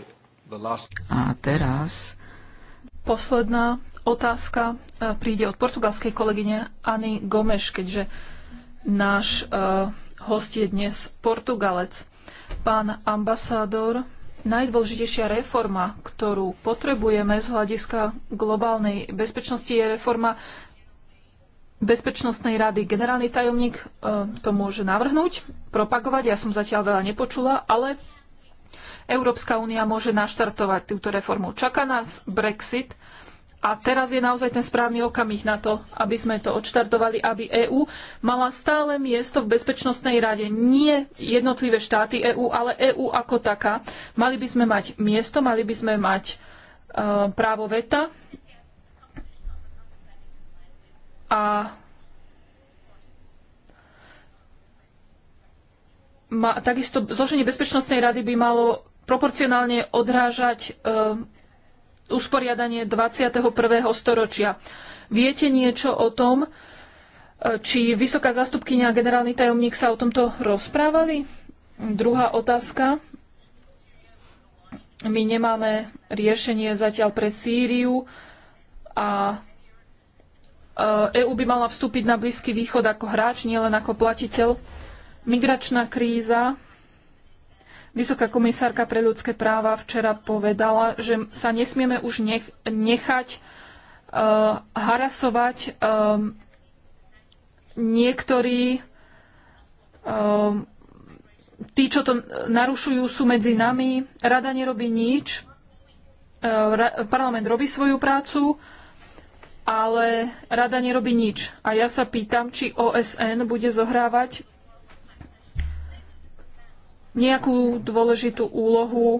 the last... A teraz Posledná otázka e, príde od portugalskej kolegyne Ani Gomeš, keďže náš e, host je dnes Portugalec. Pán ambasádor, najdôležitejšia reforma, ktorú potrebujeme z hľadiska globálnej bezpečnosti, je reforma Bezpečnostnej rady. Generálny tajomník e, to môže navrhnúť, propagovať. Ja som zatiaľ veľa nepočula, ale Európska únia môže naštartovať túto reformu. Čaká nás Brexit a teraz je naozaj ten správny okamih na to, aby sme to odštartovali, aby EÚ mala stále miesto v Bezpečnostnej rade. Nie jednotlivé štáty EÚ, ale EÚ ako taká. Mali by sme mať miesto, mali by sme mať e, právo veta a ma, takisto zloženie Bezpečnostnej rady by malo proporcionálne odrážať eh, usporiadanie 21. storočia. Viete niečo o tom, eh, či vysoká zastupkynia a generálny tajomník sa o tomto rozprávali? Druhá otázka. My nemáme riešenie zatiaľ pre Sýriu a EÚ eh, e by mala vstúpiť na Blízky východ ako hráč, nielen ako platiteľ. Migračná kríza Vysoká komisárka pre ľudské práva včera povedala, že sa nesmieme už nech, nechať uh, harasovať um, niektorí um, tí, čo to narušujú, sú medzi nami. Rada nerobí nič. parlament robí svoju prácu ale rada nerobí nič. A ja sa pýtam, či OSN bude zohrávať nejakú dôležitú úlohu e,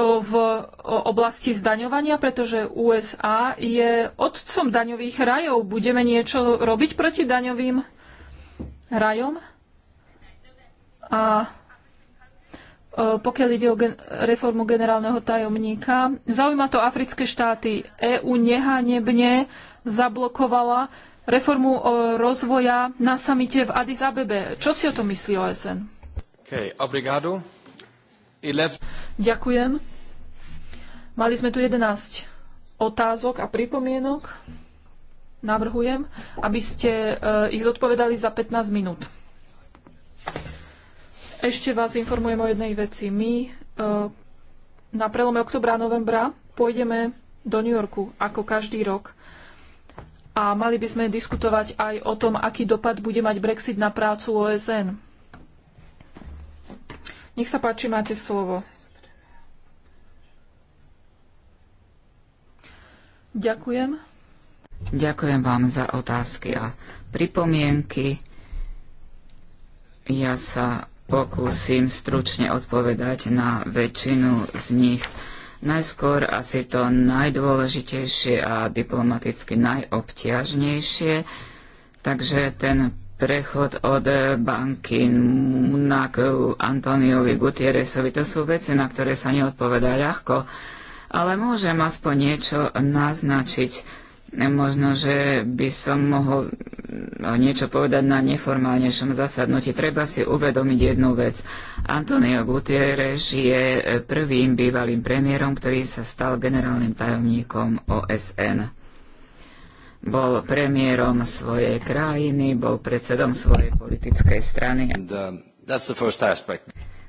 v oblasti zdaňovania, pretože USA je otcom daňových rajov. Budeme niečo robiť proti daňovým rajom? A e, pokiaľ ide o gen reformu generálneho tajomníka, zaujíma to africké štáty. EÚ nehanebne zablokovala reformu rozvoja na samite v Addis Abebe. Čo si o tom myslí OSN? Okay, obrigado. Ďakujem. Mali sme tu 11 otázok a pripomienok. Navrhujem, aby ste e, ich zodpovedali za 15 minút. Ešte vás informujem o jednej veci. My e, na prelome oktobra a novembra pôjdeme do New Yorku, ako každý rok a mali by sme diskutovať aj o tom, aký dopad bude mať Brexit na prácu OSN. Nech sa páči, máte slovo. Ďakujem. Ďakujem vám za otázky a pripomienky. Ja sa pokúsim stručne odpovedať na väčšinu z nich. Najskôr asi to najdôležitejšie a diplomaticky najobťažnejšie, takže ten prechod od banky na Antoniovi Gutierrezovi, to sú veci, na ktoré sa neodpovedá ľahko, ale môžem aspoň niečo naznačiť. Možno, že by som mohol niečo povedať na neformálnejšom zasadnutí. Treba si uvedomiť jednu vec. Antonio Gutierrez je e, prvým bývalým premiérom, ktorý sa stal generálnym tajomníkom OSN. Bol premiérom svojej krajiny, bol predsedom svojej politickej strany. And, um,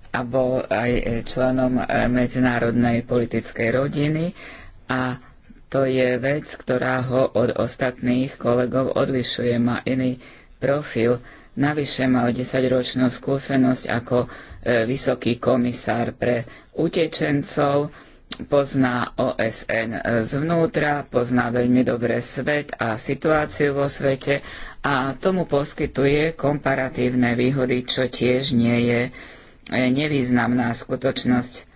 a bol aj e, členom e, medzinárodnej politickej rodiny a to je vec, ktorá ho od ostatných kolegov odlišuje. Má iný profil. Navyše mal 10-ročnú skúsenosť ako e, vysoký komisár pre utečencov, pozná OSN zvnútra, pozná veľmi dobre svet a situáciu vo svete a tomu poskytuje komparatívne výhody, čo tiež nie je e, nevýznamná skutočnosť.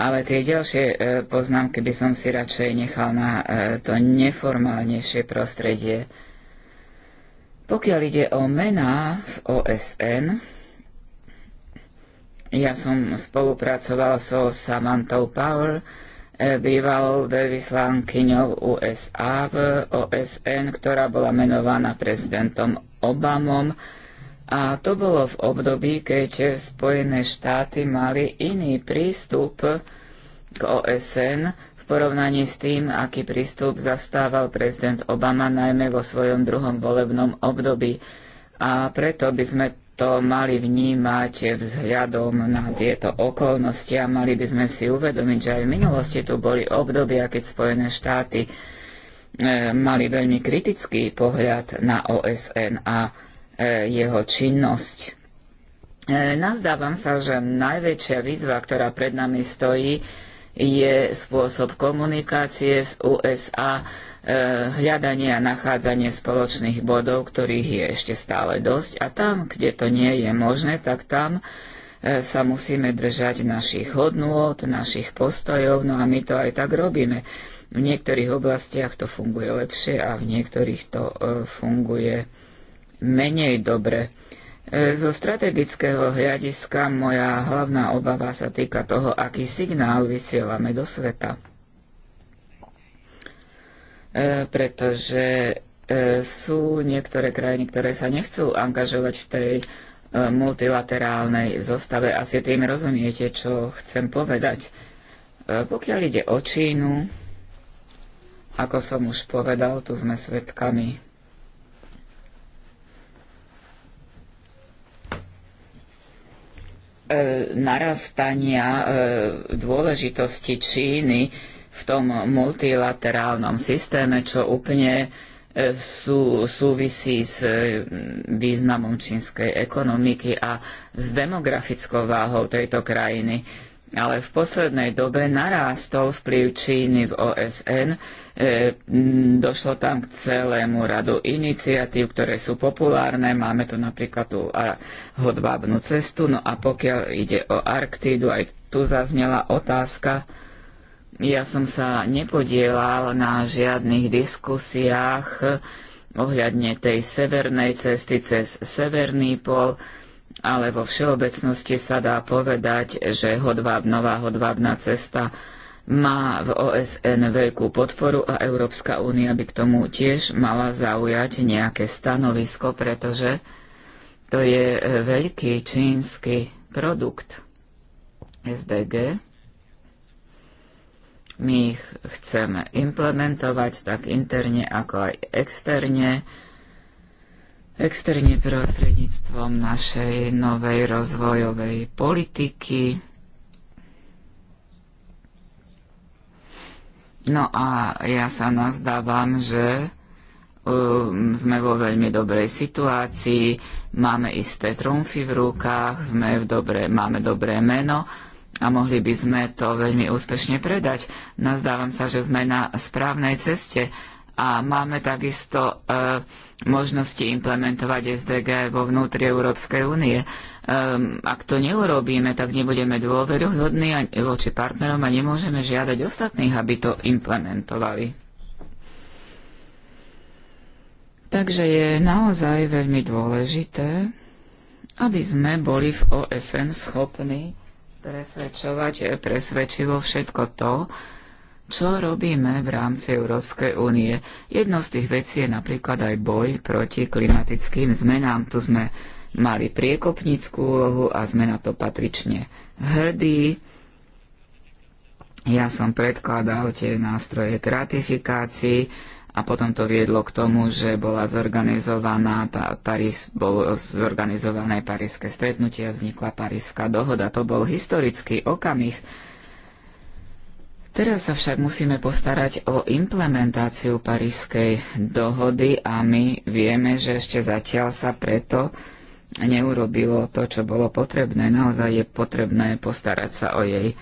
Ale tie ďalšie e, poznámky by som si radšej nechal na e, to neformálnejšie prostredie. Pokiaľ ide o mená v OSN, ja som spolupracoval so Samantou Power, e, bývalou veľvyslankyňou USA v OSN, ktorá bola menovaná prezidentom Obamom a to bolo v období, keď Spojené štáty mali iný prístup k OSN v porovnaní s tým, aký prístup zastával prezident Obama najmä vo svojom druhom volebnom období. A preto by sme to mali vnímať vzhľadom na tieto okolnosti a mali by sme si uvedomiť, že aj v minulosti tu boli obdobia, keď Spojené štáty eh, mali veľmi kritický pohľad na OSN a E, jeho činnosť. E, nazdávam sa, že najväčšia výzva, ktorá pred nami stojí, je spôsob komunikácie z USA, e, hľadanie a nachádzanie spoločných bodov, ktorých je ešte stále dosť a tam, kde to nie je možné, tak tam sa musíme držať našich hodnôt, našich postojov, no a my to aj tak robíme. V niektorých oblastiach to funguje lepšie a v niektorých to funguje menej dobre. E, zo strategického hľadiska moja hlavná obava sa týka toho, aký signál vysielame do sveta. E, pretože e, sú niektoré krajiny, ktoré sa nechcú angažovať v tej e, multilaterálnej zostave. Asi tým rozumiete, čo chcem povedať. E, pokiaľ ide o Čínu, ako som už povedal, tu sme svetkami E, narastania e, dôležitosti Číny v tom multilaterálnom systéme, čo úplne e, sú, súvisí s významom čínskej ekonomiky a s demografickou váhou tejto krajiny ale v poslednej dobe narástol vplyv Číny v OSN. E, došlo tam k celému radu iniciatív, ktoré sú populárne. Máme tu napríklad tú hodvábnu cestu. No a pokiaľ ide o Arktídu, aj tu zaznela otázka. Ja som sa nepodielal na žiadnych diskusiách ohľadne tej severnej cesty cez Severný pol ale vo všeobecnosti sa dá povedať, že hodváb, nová hodvábna cesta má v OSN veľkú podporu a Európska únia by k tomu tiež mala zaujať nejaké stanovisko, pretože to je e, veľký čínsky produkt SDG. My ich chceme implementovať tak interne ako aj externe externe prostredníctvom našej novej rozvojovej politiky. No a ja sa nazdávam, že um, sme vo veľmi dobrej situácii, máme isté trumfy v rukách, sme v dobre, máme dobré meno a mohli by sme to veľmi úspešne predať. Nazdávam sa, že sme na správnej ceste a máme takisto e, možnosti implementovať SDG vo vnútri Európskej únie. E, ak to neurobíme, tak nebudeme dôveruhodní voči partnerom a nemôžeme žiadať ostatných, aby to implementovali. Takže je naozaj veľmi dôležité, aby sme boli v OSN schopní presvedčovať e, presvedčivo všetko to, čo robíme v rámci Európskej únie. Jedno z tých vecí je napríklad aj boj proti klimatickým zmenám. Tu sme mali priekopníckú úlohu a sme na to patrične hrdí. Ja som predkladal tie nástroje k ratifikácii a potom to viedlo k tomu, že bola zorganizovaná, Paris, bolo zorganizované parížske stretnutie a vznikla parížska dohoda. To bol historický okamih, Teraz sa však musíme postarať o implementáciu Parížskej dohody a my vieme, že ešte zatiaľ sa preto neurobilo to, čo bolo potrebné. Naozaj je potrebné postarať sa o jej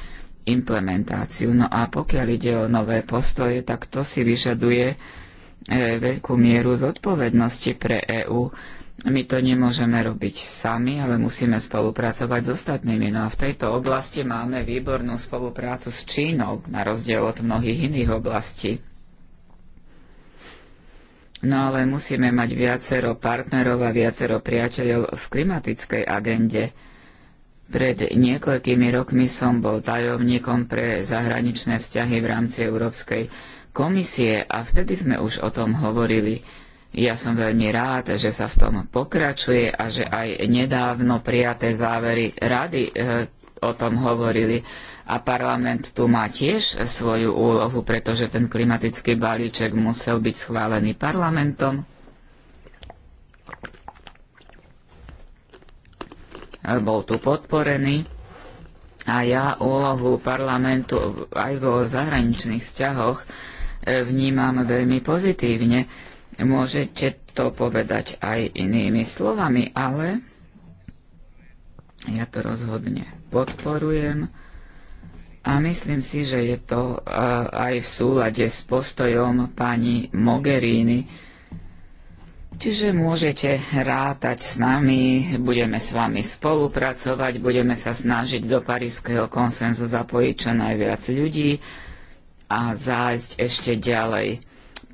implementáciu. No a pokiaľ ide o nové postoje, tak to si vyžaduje eh, veľkú mieru zodpovednosti pre EÚ my to nemôžeme robiť sami, ale musíme spolupracovať s ostatnými. No a v tejto oblasti máme výbornú spoluprácu s Čínou, na rozdiel od mnohých iných oblastí. No ale musíme mať viacero partnerov a viacero priateľov v klimatickej agende. Pred niekoľkými rokmi som bol tajomníkom pre zahraničné vzťahy v rámci Európskej komisie a vtedy sme už o tom hovorili. Ja som veľmi rád, že sa v tom pokračuje a že aj nedávno prijaté závery rady eh, o tom hovorili. A parlament tu má tiež svoju úlohu, pretože ten klimatický balíček musel byť schválený parlamentom. Bol tu podporený. A ja úlohu parlamentu aj vo zahraničných vzťahoch eh, vnímam veľmi pozitívne Môžete to povedať aj inými slovami, ale ja to rozhodne podporujem a myslím si, že je to aj v súlade s postojom pani Mogherini. Čiže môžete rátať s nami, budeme s vami spolupracovať, budeme sa snažiť do parískeho konsenzu zapojiť čo najviac ľudí a zájsť ešte ďalej.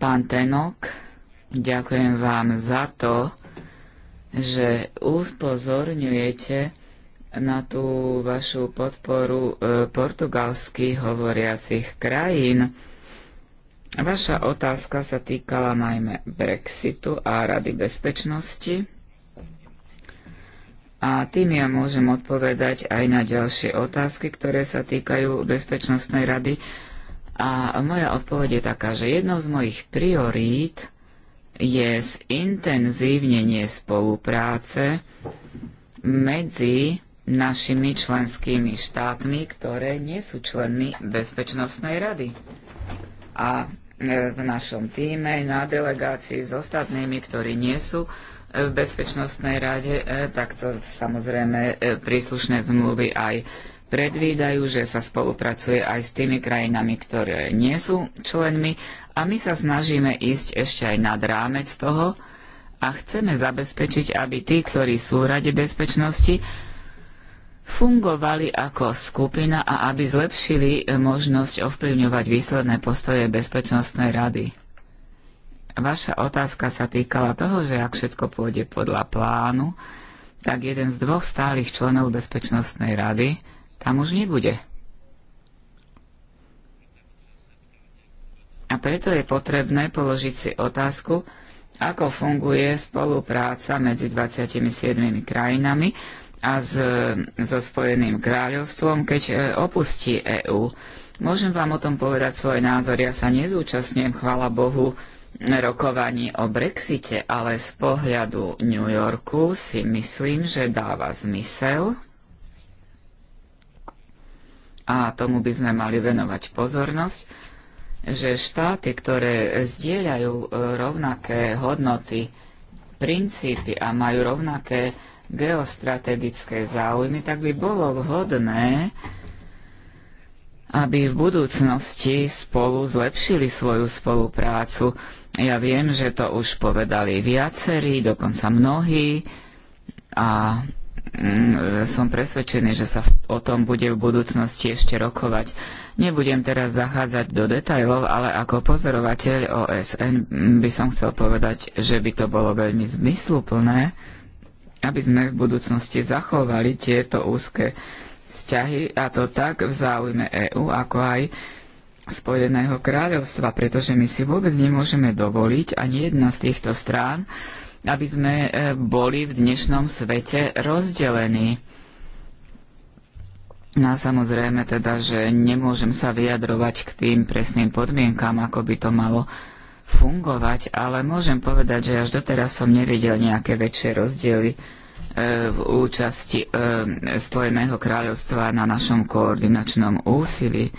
Pán Tenok Ďakujem vám za to, že upozorňujete na tú vašu podporu e, portugalských hovoriacich krajín. Vaša otázka sa týkala najmä Brexitu a Rady bezpečnosti. A tým ja môžem odpovedať aj na ďalšie otázky, ktoré sa týkajú Bezpečnostnej rady. A moja odpoveď je taká, že jednou z mojich priorít je zintenzívnenie spolupráce medzi našimi členskými štátmi, ktoré nie sú členmi Bezpečnostnej rady. A e, v našom týme, na delegácii s ostatnými, ktorí nie sú e, v Bezpečnostnej rade, e, tak to samozrejme príslušné zmluvy aj predvídajú, že sa spolupracuje aj s tými krajinami, ktoré nie sú členmi a my sa snažíme ísť ešte aj nad rámec toho a chceme zabezpečiť, aby tí, ktorí sú v Rade bezpečnosti, fungovali ako skupina a aby zlepšili možnosť ovplyvňovať výsledné postoje Bezpečnostnej rady. Vaša otázka sa týkala toho, že ak všetko pôjde podľa plánu, tak jeden z dvoch stálych členov Bezpečnostnej rady tam už nebude. A preto je potrebné položiť si otázku, ako funguje spolupráca medzi 27 krajinami a z, so Spojeným kráľovstvom, keď e, opustí EÚ. Môžem vám o tom povedať svoj názor. Ja sa nezúčastňujem, chvala Bohu, rokovaní o Brexite, ale z pohľadu New Yorku si myslím, že dáva zmysel a tomu by sme mali venovať pozornosť, že štáty, ktoré zdieľajú e, rovnaké hodnoty, princípy a majú rovnaké geostrategické záujmy, tak by bolo vhodné, aby v budúcnosti spolu zlepšili svoju spoluprácu. Ja viem, že to už povedali viacerí, dokonca mnohí, a Mm, e, som presvedčený, že sa o tom bude v budúcnosti ešte rokovať. Nebudem teraz zachádzať do detajlov, ale ako pozorovateľ OSN by som chcel povedať, že by to bolo veľmi zmysluplné, aby sme v budúcnosti zachovali tieto úzke vzťahy, a to tak v záujme EÚ, ako aj Spojeného kráľovstva, pretože my si vôbec nemôžeme dovoliť ani jedna z týchto strán, aby sme e, boli v dnešnom svete rozdelení. No samozrejme teda, že nemôžem sa vyjadrovať k tým presným podmienkám, ako by to malo fungovať, ale môžem povedať, že až doteraz som nevidel nejaké väčšie rozdiely E, v účasti e, Spojeného kráľovstva na našom koordinačnom úsilí.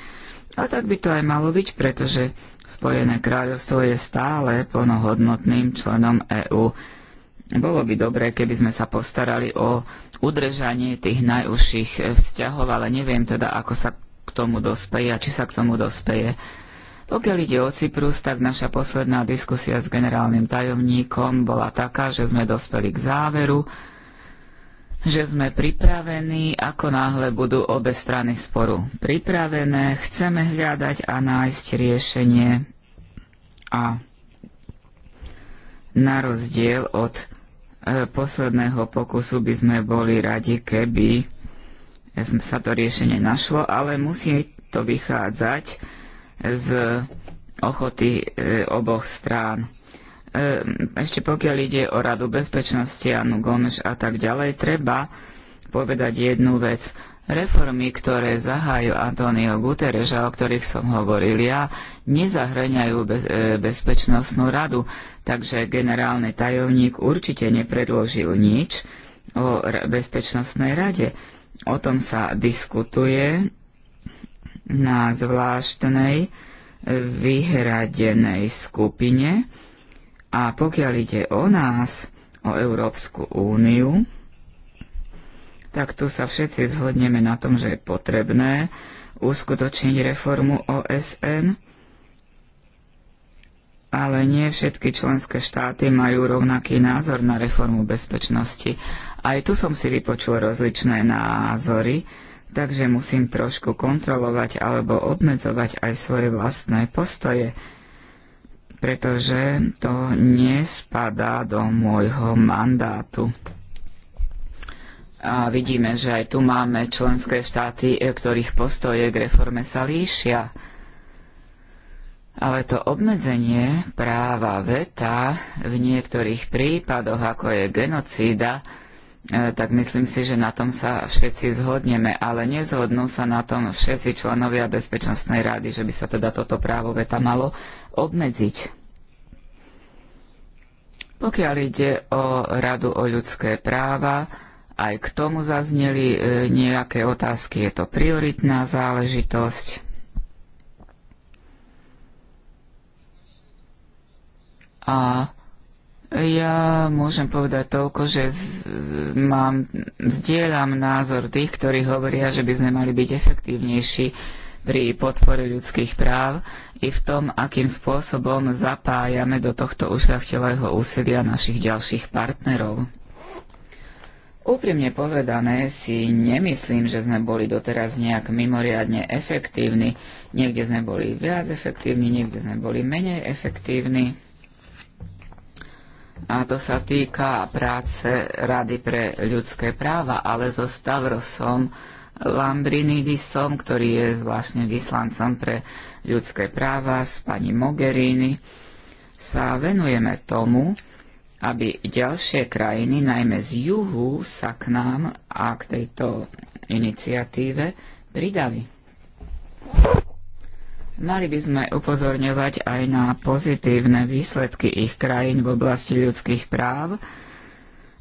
A tak by to aj malo byť, pretože Spojené kráľovstvo je stále plnohodnotným členom EÚ. Bolo by dobré, keby sme sa postarali o udržanie tých najúžších vzťahov, ale neviem teda, ako sa k tomu dospeje a či sa k tomu dospeje. Pokiaľ ide o Cyprus, tak naša posledná diskusia s generálnym tajomníkom bola taká, že sme dospeli k záveru, že sme pripravení, ako náhle budú obe strany sporu pripravené, chceme hľadať a nájsť riešenie. A na rozdiel od e, posledného pokusu by sme boli radi, keby sa to riešenie našlo, ale musí to vychádzať z ochoty e, oboch strán. Ehm, ešte pokiaľ ide o Radu bezpečnosti, Anu Gomeš a tak ďalej, treba povedať jednu vec. Reformy, ktoré zahájil Antonio Guterres a o ktorých som hovoril ja, nezahŕňajú bez, e, bezpečnostnú radu, takže generálny tajomník určite nepredložil nič o bezpečnostnej rade. O tom sa diskutuje na zvláštnej vyhradenej skupine, a pokiaľ ide o nás, o Európsku úniu, tak tu sa všetci zhodneme na tom, že je potrebné uskutočniť reformu OSN, ale nie všetky členské štáty majú rovnaký názor na reformu bezpečnosti. Aj tu som si vypočul rozličné názory, takže musím trošku kontrolovať alebo obmedzovať aj svoje vlastné postoje pretože to nespadá do môjho mandátu. A vidíme, že aj tu máme členské štáty, e, ktorých postoje k reforme sa líšia. Ale to obmedzenie práva veta v niektorých prípadoch, ako je genocída, E, tak myslím si, že na tom sa všetci zhodneme, ale nezhodnú sa na tom všetci členovia Bezpečnostnej rady, že by sa teda toto právo veta malo obmedziť. Pokiaľ ide o Radu o ľudské práva, aj k tomu zazneli e, nejaké otázky. Je to prioritná záležitosť. A ja môžem povedať toľko, že mám, zdieľam názor tých, ktorí hovoria, že by sme mali byť efektívnejší pri podpore ľudských práv i v tom, akým spôsobom zapájame do tohto ušľachtelého úsilia našich ďalších partnerov. Úprimne povedané si nemyslím, že sme boli doteraz nejak mimoriadne efektívni. Niekde sme boli viac efektívni, niekde sme boli menej efektívni a to sa týka práce Rady pre ľudské práva, ale so Stavrosom Lambrinidisom, ktorý je zvláštne vyslancom pre ľudské práva, s pani Mogherini, sa venujeme tomu, aby ďalšie krajiny, najmä z juhu, sa k nám a k tejto iniciatíve pridali. Mali by sme upozorňovať aj na pozitívne výsledky ich krajín v oblasti ľudských práv,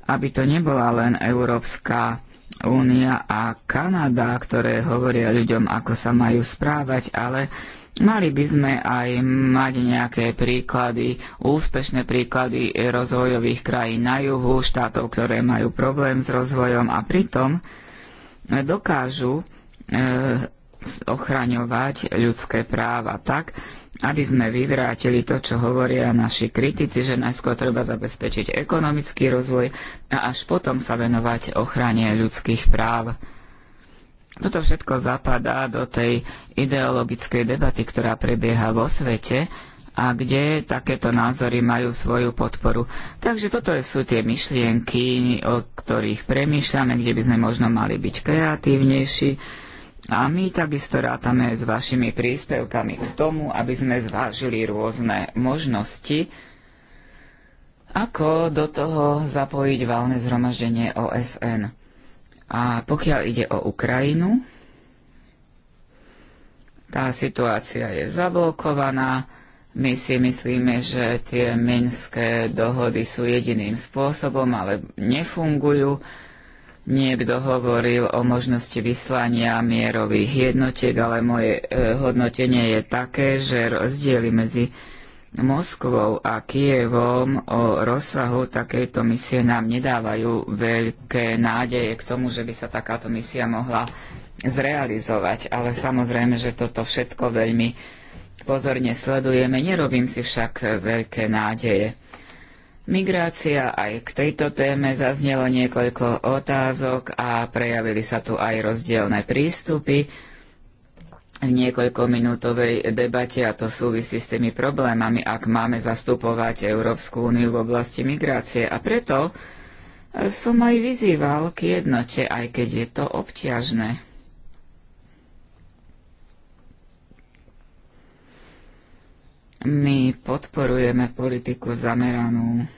aby to nebola len Európska únia a Kanada, ktoré hovoria ľuďom, ako sa majú správať, ale mali by sme aj mať nejaké príklady, úspešné príklady rozvojových krajín na juhu, štátov, ktoré majú problém s rozvojom a pritom dokážu e, ochraňovať ľudské práva tak, aby sme vyvrátili to, čo hovoria naši kritici, že najskôr treba zabezpečiť ekonomický rozvoj a až potom sa venovať ochrane ľudských práv. Toto všetko zapadá do tej ideologickej debaty, ktorá prebieha vo svete a kde takéto názory majú svoju podporu. Takže toto sú tie myšlienky, o ktorých premýšľame, kde by sme možno mali byť kreatívnejší a my takisto rátame s vašimi príspevkami k tomu, aby sme zvážili rôzne možnosti, ako do toho zapojiť valné zhromaždenie OSN. A pokiaľ ide o Ukrajinu, tá situácia je zablokovaná. My si myslíme, že tie minské dohody sú jediným spôsobom, ale nefungujú Niekto hovoril o možnosti vyslania mierových jednotiek, ale moje e, hodnotenie je také, že rozdiely medzi Moskvou a Kievom o rozsahu takejto misie nám nedávajú veľké nádeje k tomu, že by sa takáto misia mohla zrealizovať. Ale samozrejme, že toto všetko veľmi pozorne sledujeme. Nerobím si však veľké nádeje. Migrácia aj k tejto téme zaznelo niekoľko otázok a prejavili sa tu aj rozdielne prístupy v niekoľkominútovej debate a to súvisí s tými problémami, ak máme zastupovať Európsku úniu v oblasti migrácie. A preto som aj vyzýval k jednote, aj keď je to obťažné. My podporujeme politiku zameranú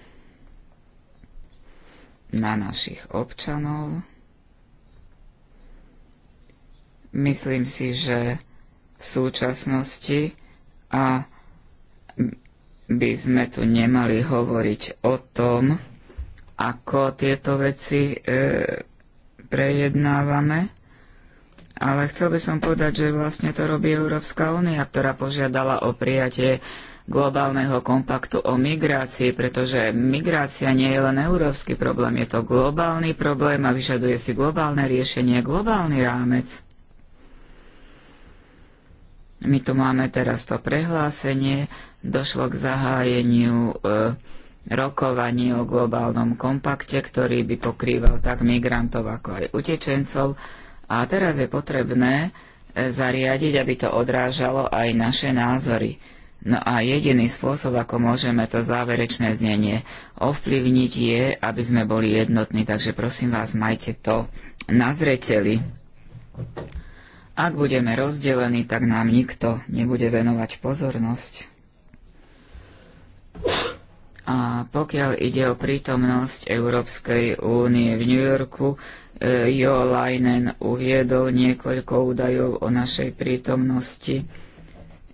na našich občanov. Myslím si, že v súčasnosti a by sme tu nemali hovoriť o tom, ako tieto veci e, prejednávame ale chcel by som povedať, že vlastne to robí Európska únia, ktorá požiadala o prijatie globálneho kompaktu o migrácii, pretože migrácia nie je len európsky problém, je to globálny problém a vyžaduje si globálne riešenie, globálny rámec. My tu máme teraz to prehlásenie, došlo k zahájeniu e, rokovaní o globálnom kompakte, ktorý by pokrýval tak migrantov ako aj utečencov. A teraz je potrebné e, zariadiť, aby to odrážalo aj naše názory. No a jediný spôsob, ako môžeme to záverečné znenie ovplyvniť, je, aby sme boli jednotní. Takže prosím vás, majte to na zreteli. Ak budeme rozdelení, tak nám nikto nebude venovať pozornosť. A pokiaľ ide o prítomnosť Európskej únie v New Yorku, e, Jo Leinen uviedol niekoľko údajov o našej prítomnosti.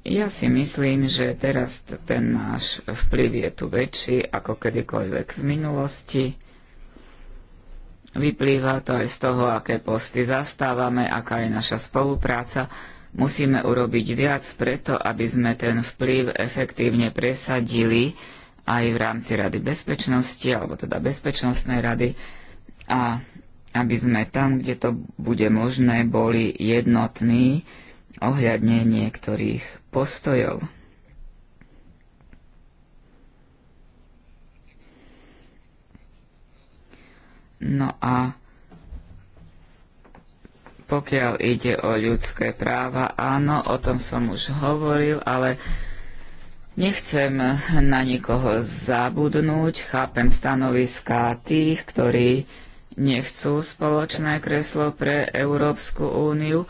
Ja si myslím, že teraz ten náš vplyv je tu väčší ako kedykoľvek v minulosti. Vyplýva to aj z toho, aké posty zastávame, aká je naša spolupráca. Musíme urobiť viac preto, aby sme ten vplyv efektívne presadili, aj v rámci Rady bezpečnosti, alebo teda Bezpečnostnej rady a aby sme tam, kde to bude možné, boli jednotní ohľadne niektorých postojov. No a pokiaľ ide o ľudské práva, áno, o tom som už hovoril, ale Nechcem na nikoho zabudnúť, chápem stanoviská tých, ktorí nechcú spoločné kreslo pre Európsku úniu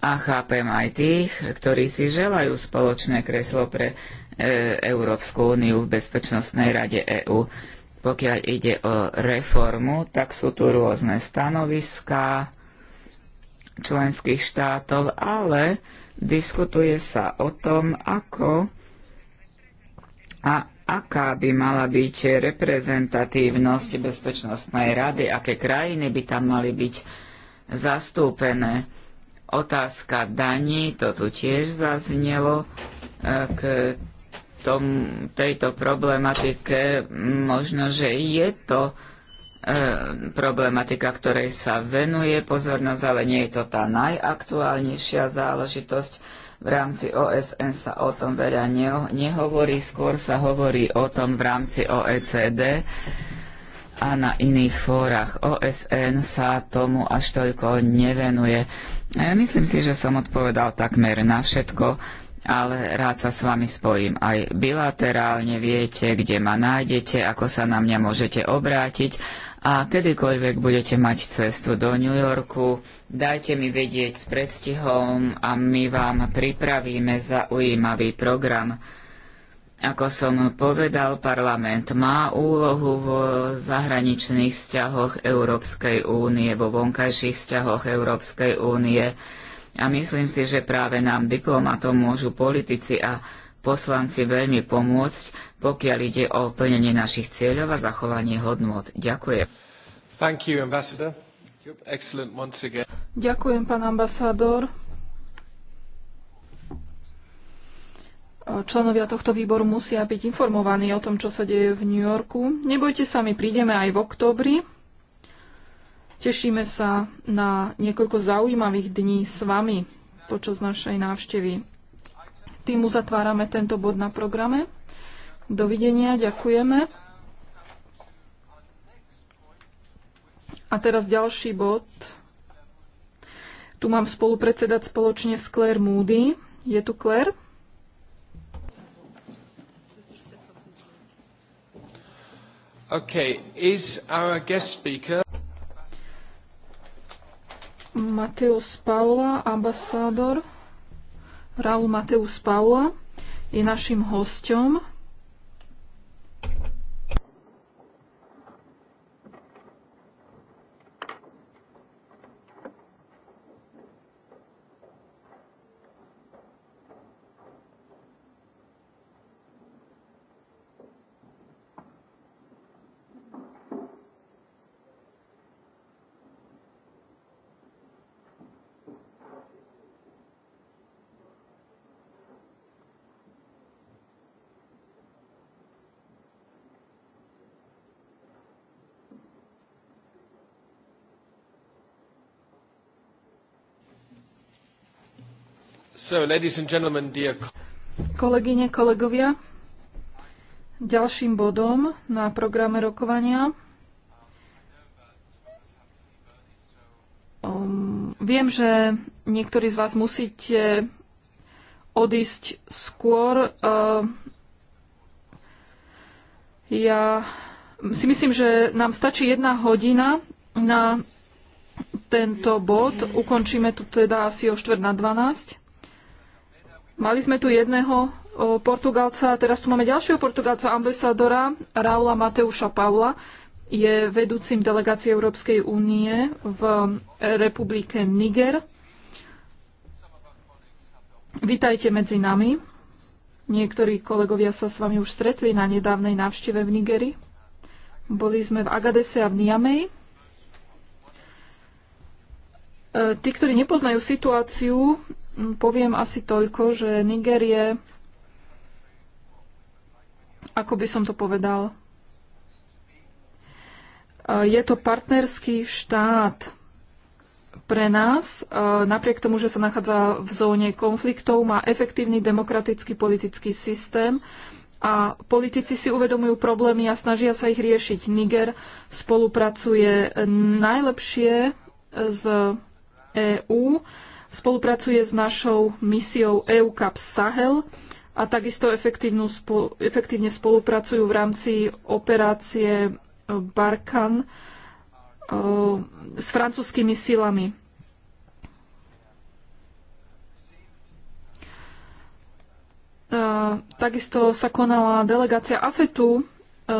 a chápem aj tých, ktorí si želajú spoločné kreslo pre e, Európsku úniu v Bezpečnostnej rade EÚ. Pokiaľ ide o reformu, tak sú tu rôzne stanoviská členských štátov, ale diskutuje sa o tom, ako a aká by mala byť reprezentatívnosť Bezpečnostnej rady, aké krajiny by tam mali byť zastúpené. Otázka daní, to tu tiež zaznelo. E, k tom, tejto problematike možno, že je to e, problematika, ktorej sa venuje pozornosť, ale nie je to tá najaktuálnejšia záležitosť v rámci OSN sa o tom veľa nehovorí, skôr sa hovorí o tom v rámci OECD a na iných fórach. OSN sa tomu až toľko nevenuje. E, myslím si, že som odpovedal takmer na všetko, ale rád sa s vami spojím aj bilaterálne. Viete, kde ma nájdete, ako sa na mňa môžete obrátiť a kedykoľvek budete mať cestu do New Yorku, dajte mi vedieť s predstihom a my vám pripravíme zaujímavý program. Ako som povedal, parlament má úlohu v zahraničných vzťahoch Európskej únie, vo vonkajších vzťahoch Európskej únie a myslím si, že práve nám diplomatom môžu politici a poslanci veľmi pomôcť, pokiaľ ide o plnenie našich cieľov a zachovanie hodnot. Ďakujem. Thank you, ambassador. Excellent once again. Ďakujem, pán ambasádor. Členovia tohto výboru musia byť informovaní o tom, čo sa deje v New Yorku. Nebojte sa, my prídeme aj v oktobri. Tešíme sa na niekoľko zaujímavých dní s vami počas našej návštevy. Tým uzatvárame tento bod na programe. Dovidenia, ďakujeme. A teraz ďalší bod. Tu mám spolupredsedať spoločne s Claire Moody. Je tu Claire? Okay, is our guest speaker... Mateus Paula, ambasádor Raúl Mateus Paula je našim hosťom So, ladies and gentlemen, dear... Kolegyne, kolegovia, ďalším bodom na programe rokovania um, Viem, že niektorí z vás musíte odísť skôr. Uh, ja si myslím, že nám stačí jedna hodina na tento bod. Ukončíme tu teda asi o štvrt na 12. Mali sme tu jedného Portugalca, teraz tu máme ďalšieho Portugalca, ambasadora Raula Mateuša Paula. Je vedúcim delegácie Európskej únie v republike Niger. Vítajte medzi nami. Niektorí kolegovia sa s vami už stretli na nedávnej návšteve v Nigeri. Boli sme v Agadese a v Niamey. E, tí, ktorí nepoznajú situáciu, poviem asi toľko, že Niger je, ako by som to povedal, eh, je to partnerský štát pre nás, eh, napriek tomu, že sa nachádza v zóne konfliktov, má efektívny demokratický politický systém a politici si uvedomujú problémy a snažia sa ich riešiť. Niger spolupracuje najlepšie z EÚ spolupracuje s našou misiou EUCAP Sahel a takisto efektívne spolupracujú v rámci operácie e, Barkan e, s francúzskými silami. E, takisto sa konala delegácia AFETu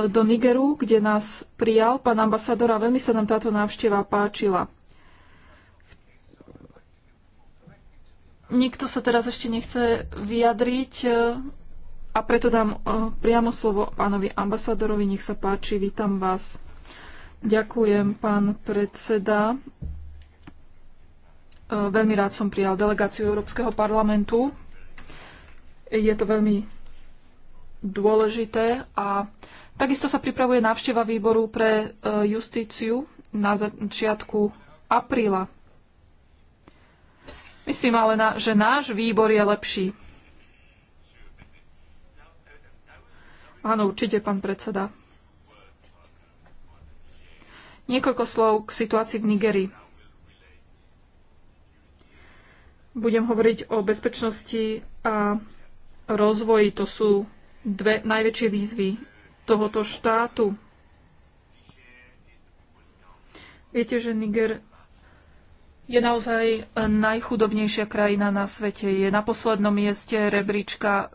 do Nigeru, kde nás prijal pán ambasador a veľmi sa nám táto návšteva páčila. Nikto sa teraz ešte nechce vyjadriť e, a preto dám e, priamo slovo pánovi ambasadorovi. Nech sa páči, vítam vás. Ďakujem, pán predseda. E, veľmi rád som prijal delegáciu Európskeho parlamentu. Je to veľmi dôležité a takisto sa pripravuje návšteva výboru pre justíciu na začiatku apríla Myslím ale, na, že náš výbor je lepší. Áno, určite, pán predseda. Niekoľko slov k situácii v Nigerii. Budem hovoriť o bezpečnosti a rozvoji. To sú dve najväčšie výzvy tohoto štátu. Viete, že Niger je naozaj eh, najchudobnejšia krajina na svete. Je na poslednom mieste rebríčka eh,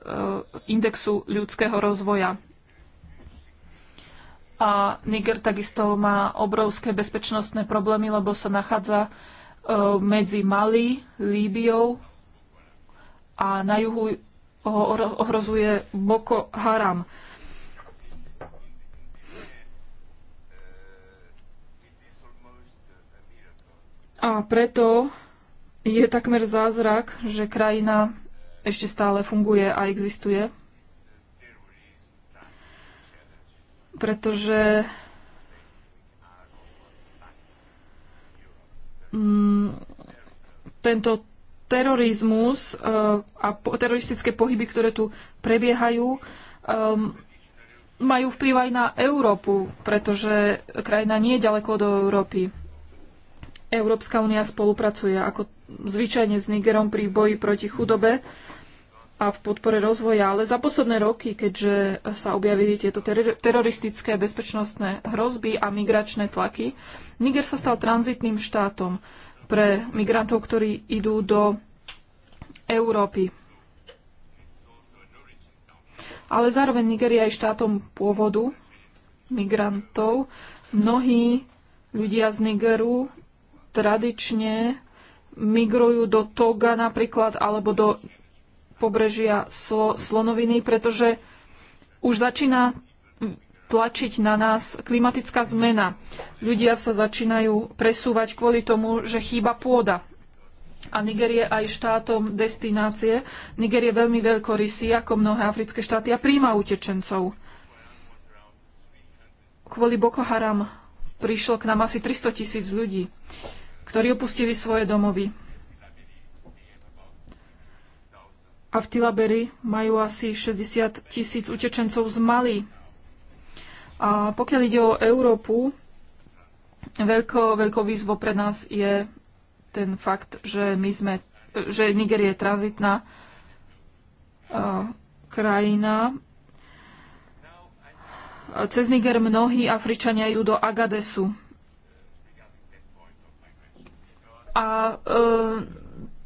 indexu ľudského rozvoja. A Niger takisto má obrovské bezpečnostné problémy, lebo sa nachádza eh, medzi Mali, Líbiou a na juhu ho ohrozuje Boko Haram. A preto je takmer zázrak, že krajina ešte stále funguje a existuje. Pretože mm, tento terorizmus e, a teroristické pohyby, ktoré tu prebiehajú, e, majú vplyv aj na Európu, pretože krajina nie je ďaleko do Európy. Európska únia spolupracuje ako zvyčajne s Nigerom pri boji proti chudobe a v podpore rozvoja, ale za posledné roky, keďže sa objavili tieto ter- teroristické bezpečnostné hrozby a migračné tlaky, Niger sa stal tranzitným štátom pre migrantov, ktorí idú do Európy. Ale zároveň Nigeria je štátom pôvodu migrantov. Mnohí ľudia z Nigeru tradične migrujú do Toga napríklad alebo do pobrežia Slo- Slonoviny, pretože už začína tlačiť na nás klimatická zmena. Ľudia sa začínajú presúvať kvôli tomu, že chýba pôda. A Niger je aj štátom destinácie. Niger je veľmi veľkorysý, ako mnohé africké štáty, a príjma utečencov. Kvôli Boko Haram prišlo k nám asi 300 tisíc ľudí ktorí opustili svoje domovy. A v Tilaberi majú asi 60 tisíc utečencov z Mali. A pokiaľ ide o Európu, veľkou, veľko výzvou pre nás je ten fakt, že, my sme, že Niger je tranzitná krajina. Cez Niger mnohí Afričania idú do Agadesu, A e,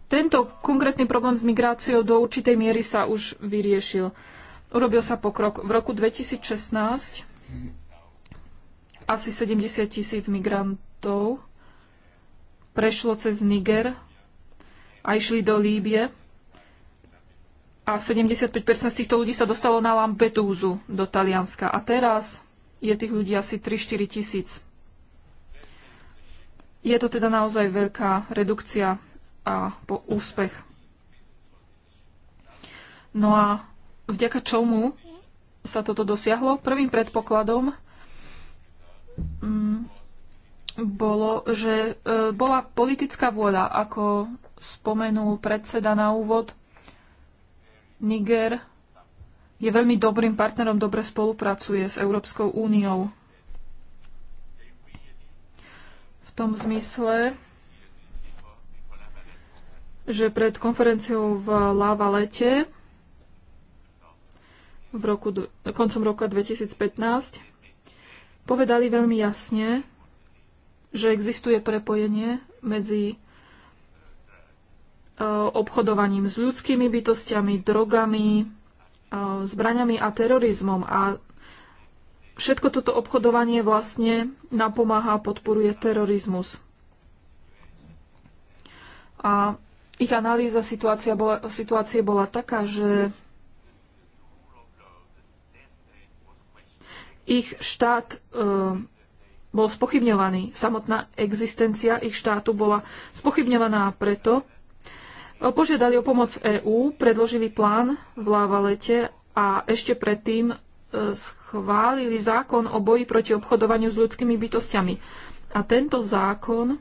tento konkrétny problém s migráciou do určitej miery sa už vyriešil. Urobil sa pokrok. V roku 2016 asi 70 tisíc migrantov prešlo cez Niger a išli do Líbie. A 75% z týchto ľudí sa dostalo na Lampedúzu do Talianska. A teraz je tých ľudí asi 3-4 tisíc. Je to teda naozaj veľká redukcia a po úspech. No a vďaka čomu sa toto dosiahlo? Prvým predpokladom mm, bolo, že e, bola politická vôľa, ako spomenul predseda na úvod. Niger je veľmi dobrým partnerom, dobre spolupracuje s Európskou úniou. tom zmysle, že pred konferenciou v Lava Lete v roku, koncom roka 2015 povedali veľmi jasne, že existuje prepojenie medzi e, obchodovaním s ľudskými bytostiami, drogami, e, zbraňami a terorizmom. A všetko toto obchodovanie vlastne napomáha a podporuje terorizmus. A ich analýza situácia bola, situácie bola taká, že ich štát e, bol spochybňovaný. Samotná existencia ich štátu bola spochybňovaná preto. E, požiadali o pomoc EÚ, predložili plán v Lávalete a ešte predtým schválili zákon o boji proti obchodovaniu s ľudskými bytostiami. A tento zákon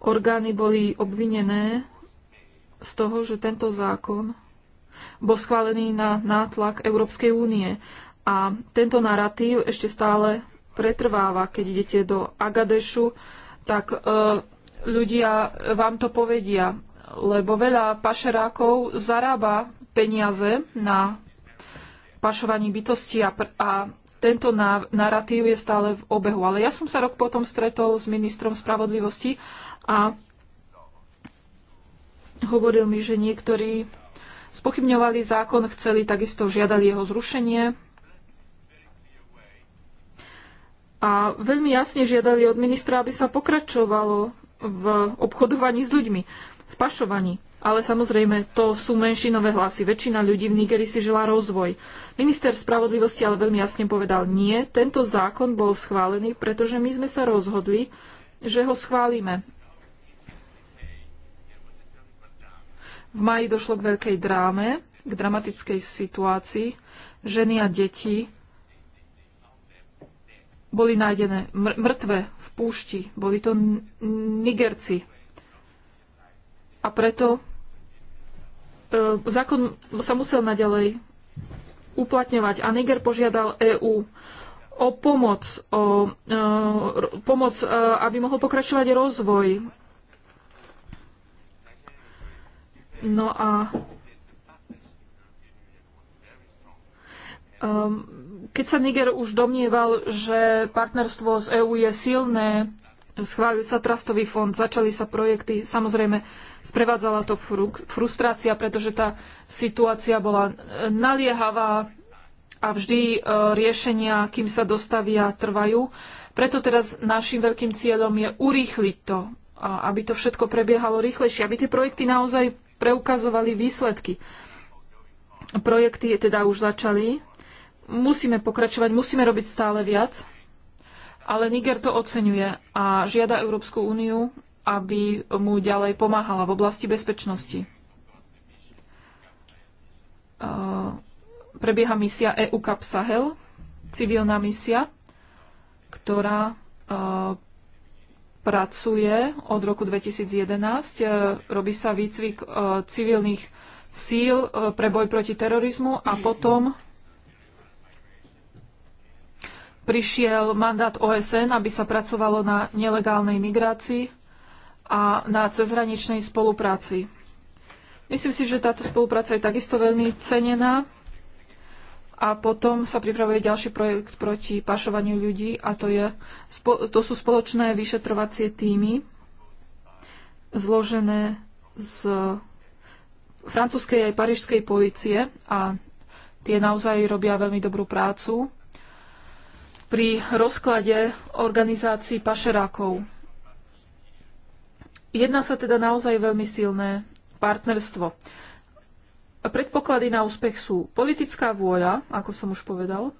orgány boli obvinené z toho, že tento zákon bol schválený na nátlak Európskej únie. A tento narratív ešte stále pretrváva. Keď idete do Agadešu, tak e, ľudia vám to povedia, lebo veľa pašerákov zarába peniaze na pašovanie bytosti a, a tento narratív je stále v obehu. Ale ja som sa rok potom stretol s ministrom spravodlivosti a hovoril mi, že niektorí spochybňovali zákon, chceli, takisto žiadali jeho zrušenie. A veľmi jasne žiadali od ministra, aby sa pokračovalo v obchodovaní s ľuďmi, v pašovaní ale samozrejme to sú menšinové hlasy. Väčšina ľudí v Nigerii si žila rozvoj. Minister spravodlivosti ale veľmi jasne povedal, nie, tento zákon bol schválený, pretože my sme sa rozhodli, že ho schválime. V maji došlo k veľkej dráme, k dramatickej situácii. Ženy a deti boli nájdené mŕtve v púšti. Boli to Nigerci. A preto E, zákon sa musel naďalej uplatňovať a Niger požiadal EÚ o pomoc, o e, pomoc, e, aby mohol pokračovať rozvoj. No a e, keď sa Niger už domnieval, že partnerstvo z EÚ je silné, schválil sa trastový fond, začali sa projekty, samozrejme sprevádzala to frustrácia, pretože tá situácia bola e, naliehavá a vždy e, riešenia, kým sa dostavia, trvajú. Preto teraz našim veľkým cieľom je urýchliť to, aby to všetko prebiehalo rýchlejšie, aby tie projekty naozaj preukazovali výsledky. Projekty teda už začali. Musíme pokračovať, musíme robiť stále viac ale Niger to oceňuje a žiada Európsku úniu, aby mu ďalej pomáhala v oblasti bezpečnosti. E, prebieha misia EU Cap Sahel, civilná misia, ktorá e, pracuje od roku 2011. E, robí sa výcvik civilných síl pre boj proti terorizmu a potom prišiel mandát OSN, aby sa pracovalo na nelegálnej migrácii a na cezhraničnej spolupráci. Myslím si, že táto spolupráca je takisto veľmi cenená a potom sa pripravuje ďalší projekt proti pašovaniu ľudí a to, je, to sú spoločné vyšetrovacie týmy zložené z francúzskej aj parížskej policie a tie naozaj robia veľmi dobrú prácu pri rozklade organizácií pašerákov. Jedná sa teda naozaj veľmi silné partnerstvo. predpoklady na úspech sú politická vôľa, ako som už povedal.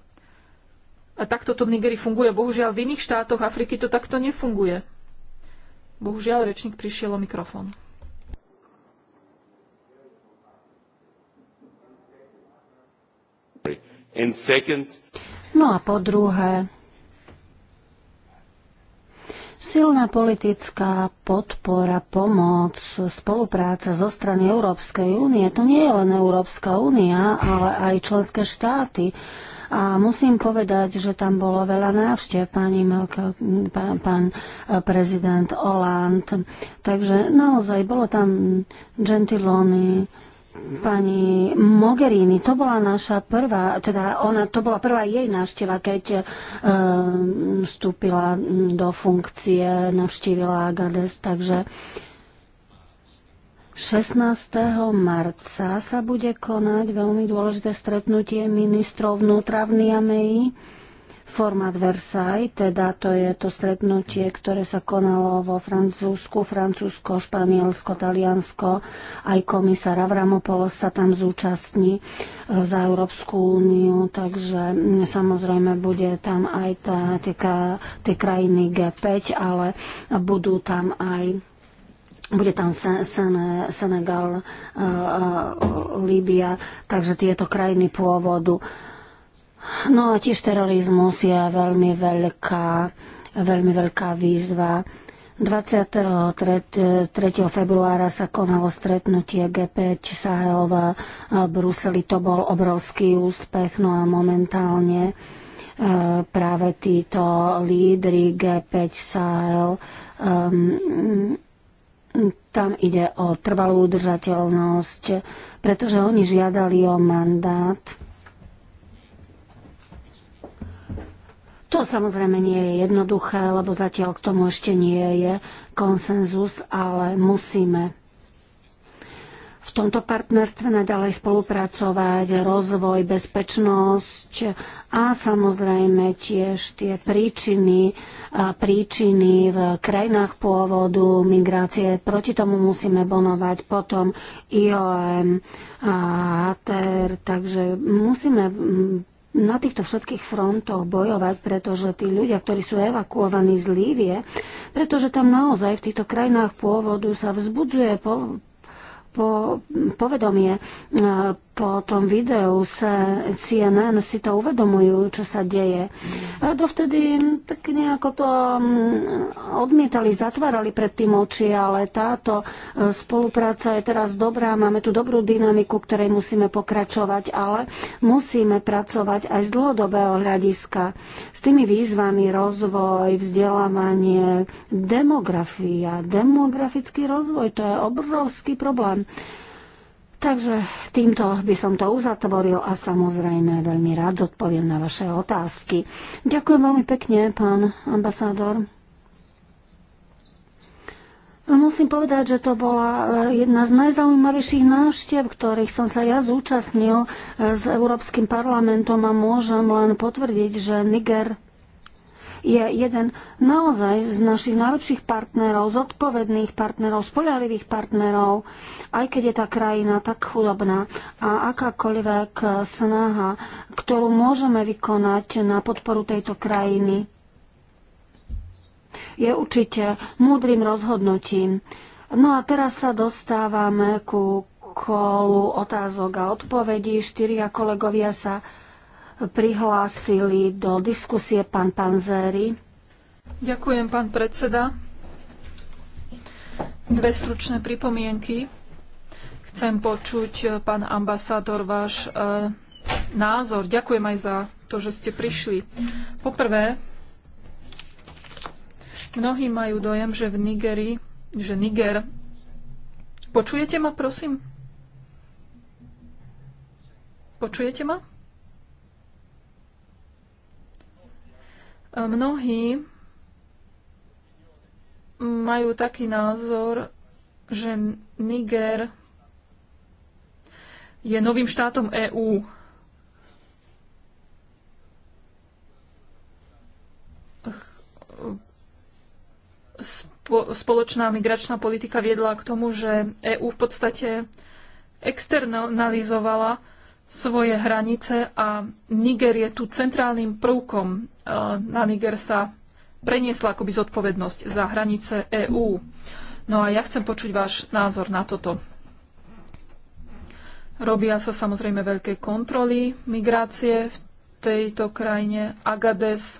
A takto to v Nigerii funguje. Bohužiaľ, v iných štátoch Afriky to takto nefunguje. Bohužiaľ, rečník prišiel o mikrofón. And second... No a po druhé, silná politická podpora, pomoc, spolupráca zo strany Európskej únie. To nie je len Európska únia, ale aj členské štáty. A musím povedať, že tam bolo veľa návštev, pani Melka, pán, pán e, prezident Hollande. Takže naozaj bolo tam gentilóny, pani Mogherini, to bola naša prvá, teda ona, to bola prvá jej návšteva, keď e, vstúpila do funkcie, navštívila Agades, takže 16. marca sa bude konať veľmi dôležité stretnutie ministrov vnútra v Niamey. Format Versailles, teda to je to stretnutie, ktoré sa konalo vo Francúzsku, Francúzsko, Španielsko, Taliansko, aj komisár Avramopoulos sa tam zúčastní e, za Európsku úniu, takže samozrejme bude tam aj tá, tie, tie krajiny G5, ale budú tam aj bude tam Senegal, e, e, Líbia, takže tieto krajiny pôvodu. No a tiež terorizmus je veľmi veľká, veľmi veľká výzva. 23. februára sa konalo stretnutie G5 Sahel v Bruseli. To bol obrovský úspech, no a momentálne e, práve títo lídry G5 Sahel um, tam ide o trvalú udržateľnosť, pretože oni žiadali o mandát To samozrejme nie je jednoduché, lebo zatiaľ k tomu ešte nie je konsenzus, ale musíme v tomto partnerstve naďalej spolupracovať, rozvoj, bezpečnosť a samozrejme tiež tie príčiny, príčiny v krajinách pôvodu, migrácie. Proti tomu musíme bonovať potom IOM, HTR, takže musíme na týchto všetkých frontoch bojovať, pretože tí ľudia, ktorí sú evakuovaní z Lívie, pretože tam naozaj v týchto krajinách pôvodu sa vzbudzuje po, po, povedomie e, po tom videu sa CNN si to uvedomujú, čo sa deje. A dovtedy tak nejako to mm, odmietali, zatvárali pred tým oči, ale táto e, spolupráca je teraz dobrá, máme tu dobrú dynamiku, ktorej musíme pokračovať, ale musíme pracovať aj z dlhodobého hľadiska s tými výzvami rozvoj, vzdelávanie, demografia, demografický rozvoj, to je obrovský problém. Takže týmto by som to uzatvoril a samozrejme veľmi rád odpoviem na vaše otázky. Ďakujem veľmi pekne, pán ambasádor. Musím povedať, že to bola eh, jedna z najzaujímavejších návštev, ktorých som sa ja zúčastnil eh, s Európskym parlamentom a môžem len potvrdiť, že Niger je jeden naozaj z našich najlepších partnerov, zodpovedných partnerov, spolahlivých partnerov, aj keď je tá krajina tak chudobná. A akákoľvek snaha, ktorú môžeme vykonať na podporu tejto krajiny, je určite múdrym rozhodnutím. No a teraz sa dostávame ku kolu otázok a odpovedí. Štyria kolegovia sa prihlásili do diskusie pán Panzéry. Ďakujem, pán predseda. Dve stručné pripomienky. Chcem počuť, eh, pán ambasádor, váš e, názor. Ďakujem aj za to, že ste prišli. Poprvé, mnohí majú dojem, že v Nigeri, že Niger... Počujete ma, prosím? Počujete ma? Mnohí majú taký názor, že Niger je novým štátom EÚ. Spoločná migračná politika viedla k tomu, že EÚ v podstate externalizovala svoje hranice a Niger je tu centrálnym prvkom Eh, na Niger sa preniesla akoby zodpovednosť za hranice EÚ. No a ja chcem počuť váš názor na toto. Robia sa samozrejme veľké kontroly migrácie v tejto krajine. Agades eh,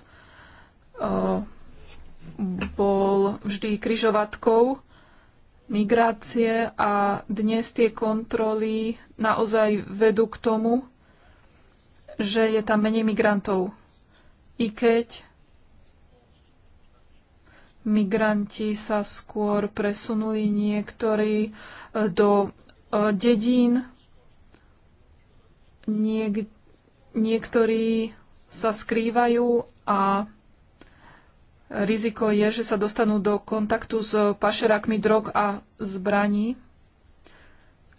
bol vždy kryžovatkou migrácie a dnes tie kontroly naozaj vedú k tomu, že je tam menej migrantov i keď migranti sa skôr presunuli niektorí e, do e, dedín, niek- niektorí sa skrývajú a riziko je, že sa dostanú do kontaktu s pašerákmi drog a zbraní,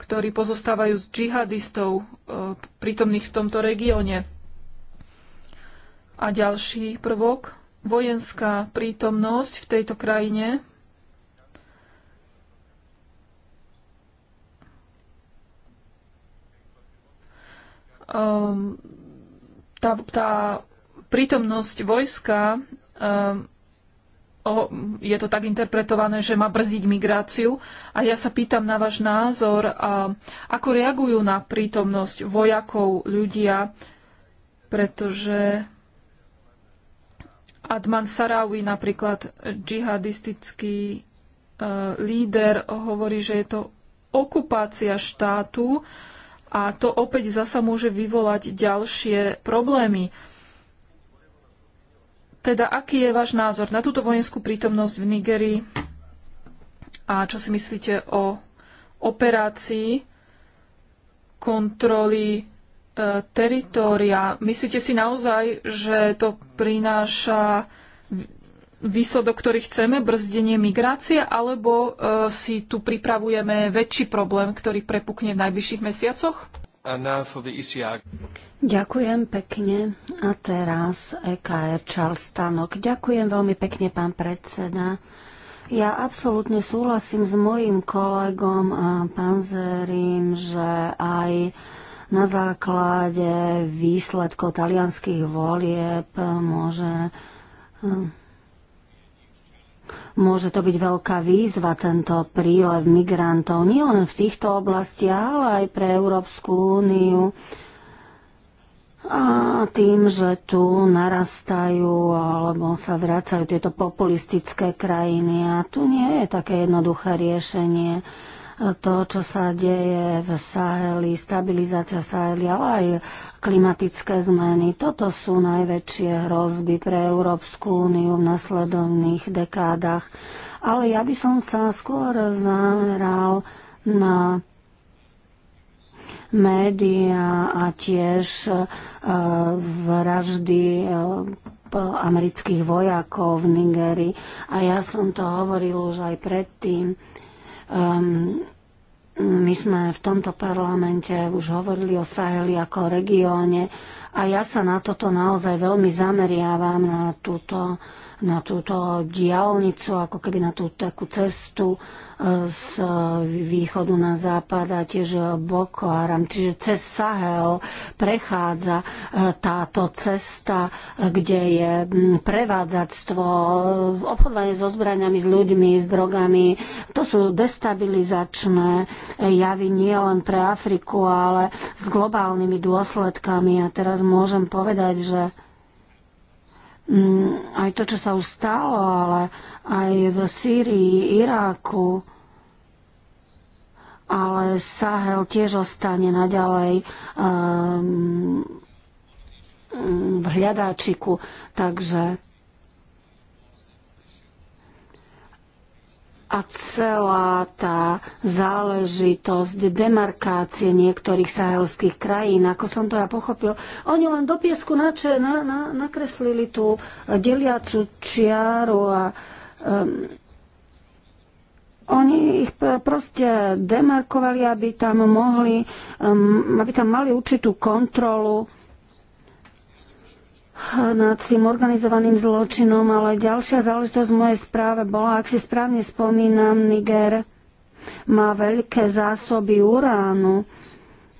ktorí pozostávajú z džihadistov e, prítomných v tomto regióne. A ďalší prvok, vojenská prítomnosť v tejto krajine. Um, tá, tá prítomnosť vojska, um, o, je to tak interpretované, že má brzdiť migráciu. A ja sa pýtam na váš názor, a ehm, ako reagujú na prítomnosť vojakov ľudia, pretože Adman Sarawi, napríklad džihadistický e, líder, hovorí, že je to okupácia štátu a to opäť zasa môže vyvolať ďalšie problémy. Teda aký je váš názor na túto vojenskú prítomnosť v Nigerii a čo si myslíte o operácii kontroly E, teritória. Myslíte si naozaj, že to prináša výsledok, ktorý chceme, brzdenie migrácie, alebo e, si tu pripravujeme väčší problém, ktorý prepukne v najbližších mesiacoch? E Ďakujem pekne. A teraz EKR Charles Stanok. Ďakujem veľmi pekne, pán predseda. Ja absolútne súhlasím s mojim kolegom Panzerim, že aj na základe výsledkov talianských volieb môže hm, Môže to byť veľká výzva, tento prílev migrantov, nielen v týchto oblastiach, ale aj pre Európsku úniu. A tým, že tu narastajú alebo sa vracajú tieto populistické krajiny a tu nie je také jednoduché riešenie to, čo sa deje v Saheli, stabilizácia Saheli, ale aj klimatické zmeny. Toto sú najväčšie hrozby pre Európsku úniu v nasledovných dekádach. Ale ja by som sa skôr zameral na médiá a tiež e, vraždy e, amerických vojakov v Nigerii. A ja som to hovoril už aj predtým. Um, my sme v tomto parlamente už hovorili o Saheli ako o regióne, a ja sa na toto naozaj veľmi zameriavam, na túto, na túto diálnicu, ako keby na tú takú cestu e, z východu na západ a tiež Boko Haram. Čiže cez Sahel prechádza e, táto cesta, e, kde je prevádzactvo, obchodovanie so zbraniami, s ľuďmi, s drogami. To sú destabilizačné javy nie len pre Afriku, ale s globálnymi dôsledkami. A teraz môžem povedať, že mm, aj to, čo sa už stalo, ale aj v Sýrii, Iráku, ale Sahel tiež ostane naďalej um, v hľadáčiku. Takže a celá tá záležitosť demarkácie niektorých sahelských krajín, ako som to ja pochopil, oni len do piesku nače, na, na, nakreslili tú deliacu čiaru a um, oni ich proste demarkovali, aby tam mohli, um, aby tam mali určitú kontrolu nad tým organizovaným zločinom, ale ďalšia záležitosť v mojej správe bola, ak si správne spomínam, Niger má veľké zásoby uránu,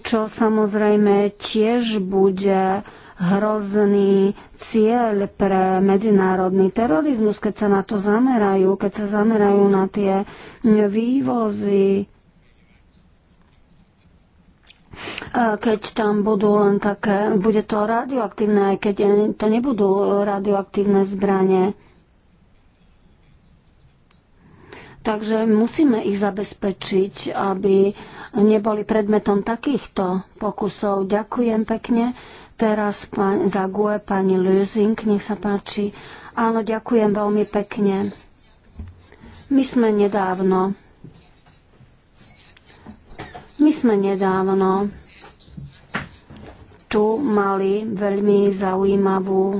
čo samozrejme tiež bude hrozný cieľ pre medzinárodný terorizmus, keď sa na to zamerajú, keď sa zamerajú na tie vývozy keď tam budú len také, bude to radioaktívne, aj keď to nebudú radioaktívne zbranie. Takže musíme ich zabezpečiť, aby neboli predmetom takýchto pokusov. Ďakujem pekne. Teraz pán, za GUE pani Lusing, nech sa páči. Áno, ďakujem veľmi pekne. My sme nedávno my sme nedávno tu mali veľmi zaujímavú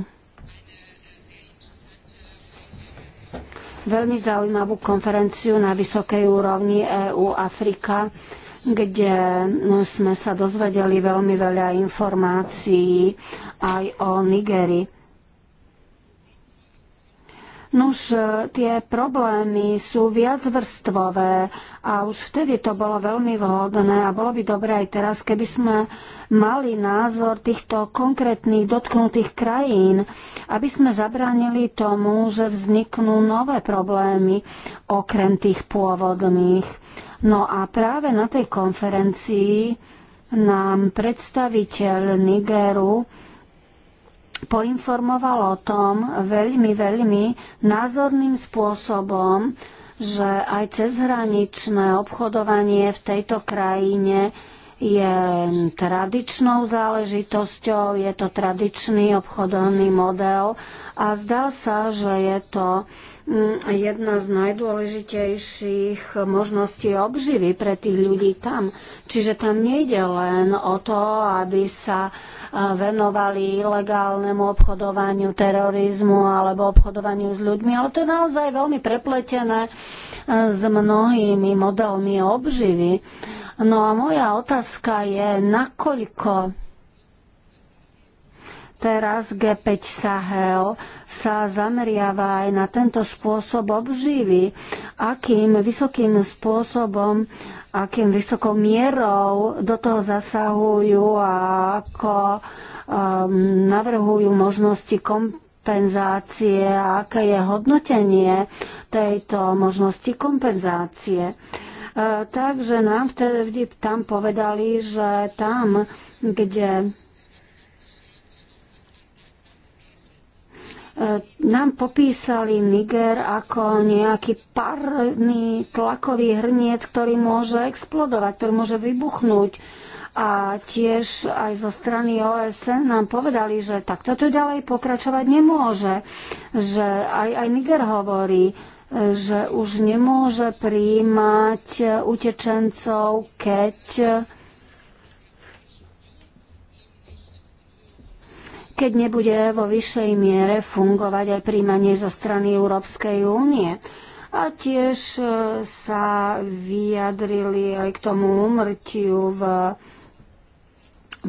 veľmi zaujímavú konferenciu na vysokej úrovni EU Afrika, kde sme sa dozvedeli veľmi veľa informácií aj o Nigerii. Nuž, e, tie problémy sú viacvrstvové a už vtedy to bolo veľmi vhodné a bolo by dobré aj teraz, keby sme mali názor týchto konkrétnych dotknutých krajín, aby sme zabránili tomu, že vzniknú nové problémy okrem tých pôvodných. No a práve na tej konferencii nám predstaviteľ Nigeru poinformoval o tom veľmi, veľmi názorným spôsobom, že aj cezhraničné obchodovanie v tejto krajine je tradičnou záležitosťou, je to tradičný obchodovný model a zdá sa, že je to mm, jedna z najdôležitejších možností obživy pre tých ľudí tam. Čiže tam nejde len o to, aby sa e, venovali ilegálnemu obchodovaniu, terorizmu alebo obchodovaniu s ľuďmi, ale to je naozaj veľmi prepletené e, s mnohými modelmi obživy. No a moja otázka je, nakoľko teraz G5 Sahel sa zameriava aj na tento spôsob obživy, akým vysokým spôsobom, akým vysokou mierou do toho zasahujú a ako um, navrhujú možnosti kompenzácie a aké je hodnotenie tejto možnosti kompenzácie. Uh, E, takže nám vtedy tam povedali, že tam, kde e, nám popísali Niger ako nejaký parný tlakový hrniec, ktorý môže explodovať, ktorý môže vybuchnúť. A tiež aj zo strany OSN nám povedali, že takto to ďalej pokračovať nemôže. Že aj, aj Niger hovorí, že už nemôže prijímať utečencov, keď keď nebude vo vyššej miere fungovať aj príjmanie zo strany Európskej únie. A tiež e, sa vyjadrili aj k tomu umrtiu v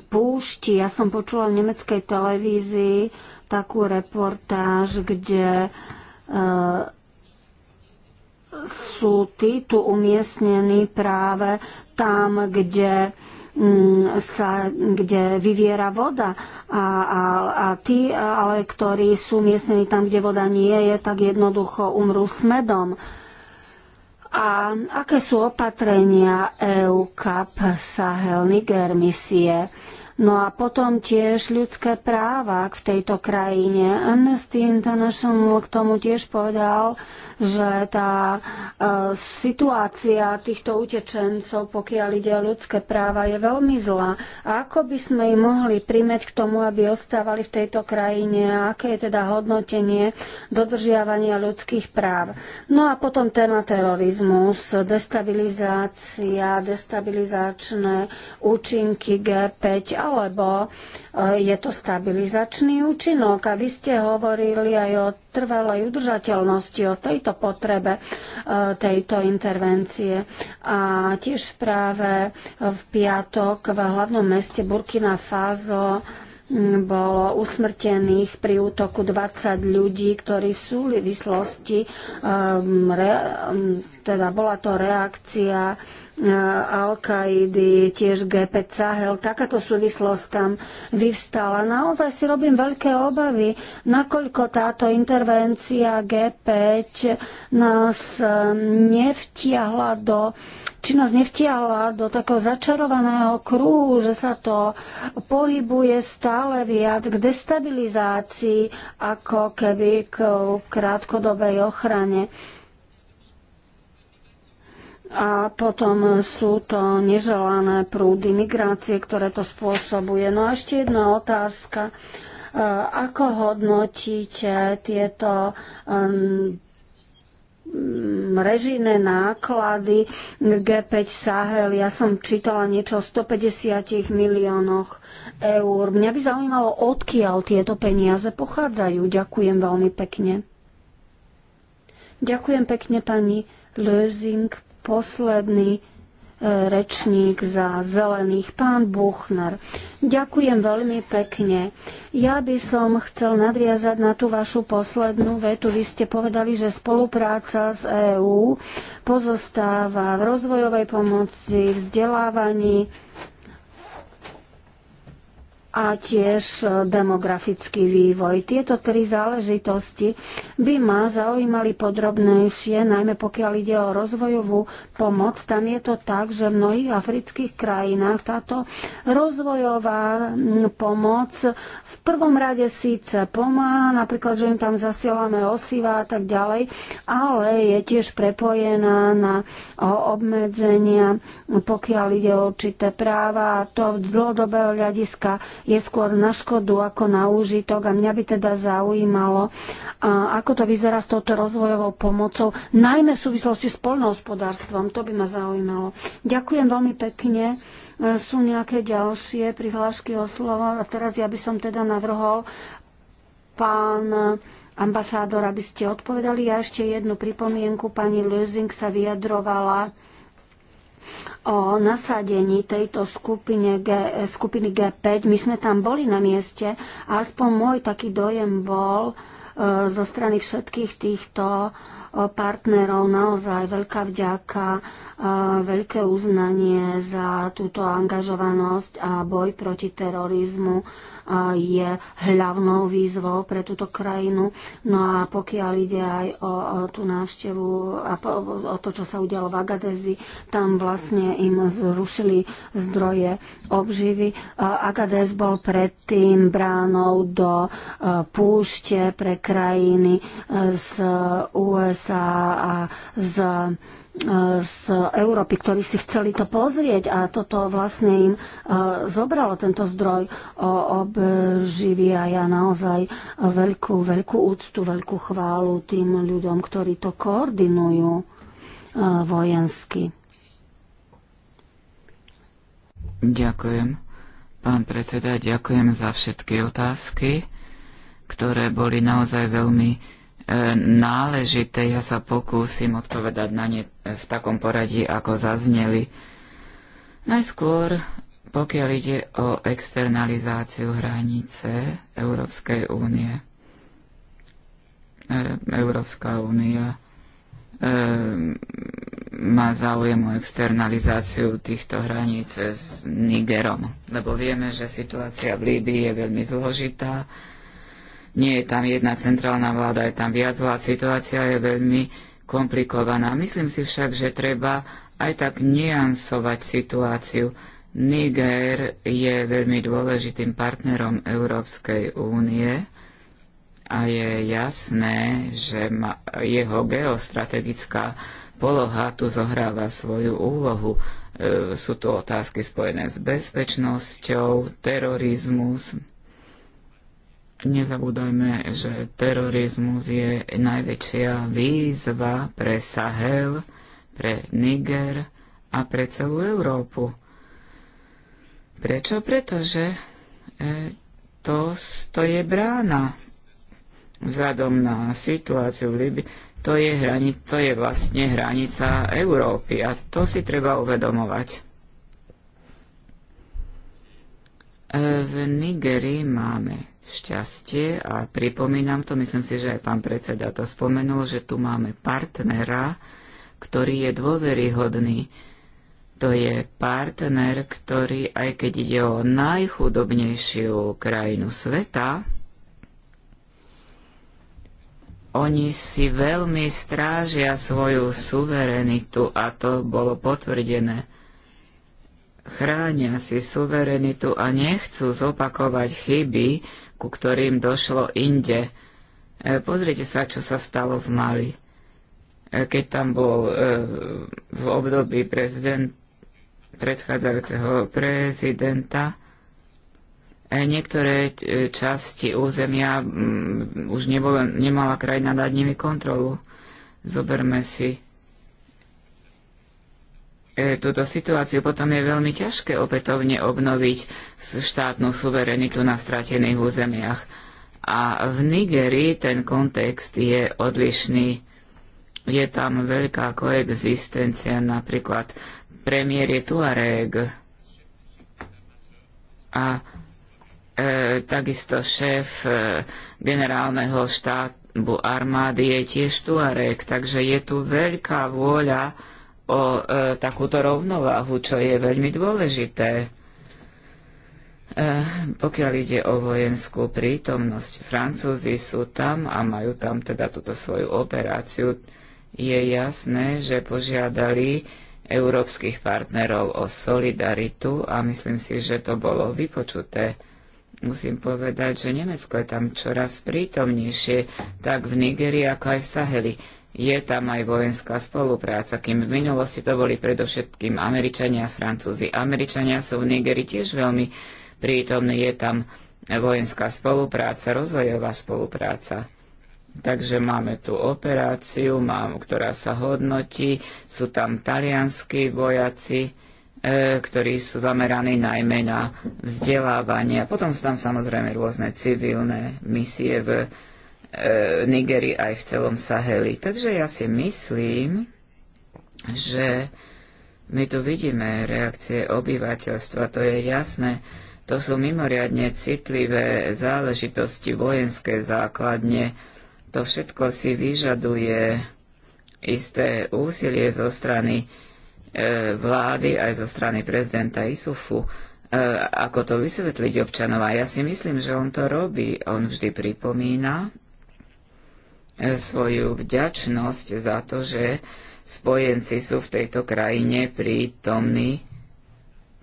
púšti. Ja som počula v nemeckej televízii takú reportáž, kde uh, sú títo umiestnení práve tam, kde mm, sa, kde vyviera voda a, a, a tí, ale ktorí sú miestnení tam, kde voda nie je, tak jednoducho umrú smedom. A aké sú opatrenia EU, CAP, Sahel, Niger, misie? No a potom tiež ľudské práva v tejto krajine. Amnesty International k tomu tiež povedal, že tá e, situácia týchto utečencov, pokiaľ ide o ľudské práva, je veľmi zlá. A ako by sme ich mohli primeť k tomu, aby ostávali v tejto krajine a aké je teda hodnotenie dodržiavania ľudských práv. No a potom téma terorizmus, destabilizácia, destabilizačné účinky G5 a alebo e, je to stabilizačný účinok. A vy ste hovorili aj o trvalej udržateľnosti, o tejto potrebe e, tejto intervencie. A tiež práve v piatok v hlavnom meste Burkina Faso bolo usmrtených pri útoku 20 ľudí, ktorí v súvislosti, um, re, um, teda bola to reakcia al qaidi tiež GP Sahel. Takáto súvislosť tam vyvstala. Naozaj si robím veľké obavy, nakoľko táto intervencia G5 nás ehm, nevtiahla do či nás nevtiahla do takého začarovaného kruhu, že sa to pohybuje stále viac k destabilizácii, ako keby k krátkodobej ochrane. A potom e, sú to neželané prúdy migrácie, ktoré to spôsobuje. No a ešte jedna otázka. E, ako hodnotíte tieto režijné náklady G5 Sahel. Ja som čítala niečo o 150 miliónoch eur. Mňa by zaujímalo, odkiaľ tieto peniaze pochádzajú. Ďakujem veľmi pekne. Ďakujem pekne pani Lösing posledný e, rečník za zelených, pán Buchner. Ďakujem veľmi pekne. Ja by som chcel nadviazať na tú vašu poslednú vetu. Vy ste povedali, že spolupráca s EÚ pozostáva v rozvojovej pomoci, vzdelávaní, a tiež e, demografický vývoj. Tieto tri záležitosti by ma zaujímali podrobnejšie, najmä pokiaľ ide o rozvojovú pomoc. Tam je to tak, že v mnohých afrických krajinách táto rozvojová pomoc v prvom rade síce pomáha, napríklad, že im tam zasielame osiva a tak ďalej, ale je tiež prepojená na obmedzenia, pokiaľ ide o určité práva a to v dlhodobého hľadiska je skôr na škodu ako na úžitok a mňa by teda zaujímalo, ako to vyzerá s touto rozvojovou pomocou, najmä v súvislosti s polnohospodárstvom. To by ma zaujímalo. Ďakujem veľmi pekne e, sú nejaké ďalšie prihlášky o slovo. A teraz ja by som teda navrhol pán ambasádor, aby ste odpovedali. Ja ešte jednu pripomienku. Pani Lusing sa vyjadrovala o nasadení tejto skupine G, skupiny G5. My sme tam boli na mieste a aspoň môj taký dojem bol e, zo strany všetkých týchto e, partnerov naozaj veľká vďaka, e, veľké uznanie za túto angažovanosť a boj proti terorizmu je hlavnou výzvou pre túto krajinu. No a pokiaľ ide aj o, o tú návštevu a po, o to, čo sa udialo v Agadezi, tam vlastne im zrušili zdroje obživy. Agadez bol predtým bránou do e, púšte pre krajiny e, z USA a z z Európy, ktorí si chceli to pozrieť a toto vlastne im e, zobralo tento zdroj obživy a ja naozaj veľkú, veľkú úctu, veľkú chválu tým ľuďom, ktorí to koordinujú e, vojensky. Ďakujem. Pán predseda, ďakujem za všetky otázky, ktoré boli naozaj veľmi náležité. Ja sa pokúsim odpovedať na ne v takom poradí, ako zazneli. Najskôr, pokiaľ ide o externalizáciu hranice Európskej únie. E, Európska únia e, má záujem o externalizáciu týchto hraníc s Nigerom, lebo vieme, že situácia v Líbii je veľmi zložitá nie je tam jedna centrálna vláda, je tam viac vlád. Situácia je veľmi komplikovaná. Myslím si však, že treba aj tak niansovať situáciu. Niger je veľmi dôležitým partnerom Európskej únie a je jasné, že jeho geostrategická poloha tu zohráva svoju úlohu. E, sú tu otázky spojené s bezpečnosťou, terorizmus, Nezabúdajme, že terorizmus je najväčšia výzva pre Sahel, pre Niger a pre celú Európu. Prečo? Pretože e, to, to je brána vzhľadom na situáciu v Libii. To je, hrani, to je vlastne hranica Európy a to si treba uvedomovať. E, v Nigeri máme šťastie a pripomínam to, myslím si, že aj pán predseda to spomenul, že tu máme partnera, ktorý je dôveryhodný. To je partner, ktorý, aj keď ide o najchudobnejšiu krajinu sveta, oni si veľmi strážia svoju suverenitu a to bolo potvrdené. Chránia si suverenitu a nechcú zopakovať chyby, ku ktorým došlo inde. E, pozrite sa, čo sa stalo v Mali. E, keď tam bol e, v období prezident, predchádzajúceho prezidenta, niektoré časti územia už nebola, nemala krajina nad nimi kontrolu. Zoberme si E, túto situáciu, potom je veľmi ťažké opätovne obnoviť štátnu suverenitu na stratených územiach. A v Nigerii ten kontext je odlišný. Je tam veľká koexistencia, napríklad premiér je Tuareg a e, takisto šéf e, generálneho štábu armády je tiež Tuareg, takže je tu veľká vôľa o e, takúto rovnováhu, čo je veľmi dôležité. E, pokiaľ ide o vojenskú prítomnosť, Francúzi sú tam a majú tam teda túto svoju operáciu. Je jasné, že požiadali európskych partnerov o solidaritu a myslím si, že to bolo vypočuté. Musím povedať, že Nemecko je tam čoraz prítomnejšie, tak v Nigerii ako aj v Saheli je tam aj vojenská spolupráca, kým v minulosti to boli predovšetkým Američania a Francúzi. Američania sú v Nigeri tiež veľmi prítomní, je tam vojenská spolupráca, rozvojová spolupráca. Takže máme tu operáciu, mám, ktorá sa hodnotí, sú tam talianskí vojaci, e, ktorí sú zameraní najmä na vzdelávanie. A potom sú tam samozrejme rôzne civilné misie v E, Nigeri aj v celom Saheli. Takže ja si myslím, že my tu vidíme reakcie obyvateľstva, to je jasné. To sú mimoriadne citlivé záležitosti vojenské základne. To všetko si vyžaduje isté úsilie zo strany e, vlády aj zo strany prezidenta Isufu. E, ako to vysvetliť občanov? A ja si myslím, že on to robí. On vždy pripomína, svoju vďačnosť za to, že spojenci sú v tejto krajine prítomní,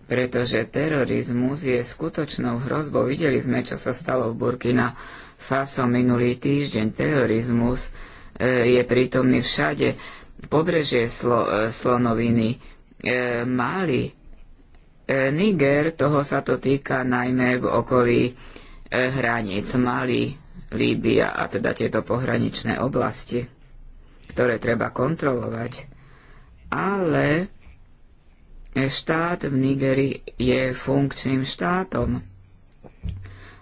pretože terorizmus je skutočnou hrozbou. Videli sme, čo sa stalo v Burkina Faso minulý týždeň. Terorizmus e, je prítomný všade. Pobrežie slo, e, slonoviny, e, Mali, Niger, toho sa to týka najmä v okolí hranic hraníc Mali, Líbia a teda tieto pohraničné oblasti, ktoré treba kontrolovať. Ale štát v Nigeri je funkčným štátom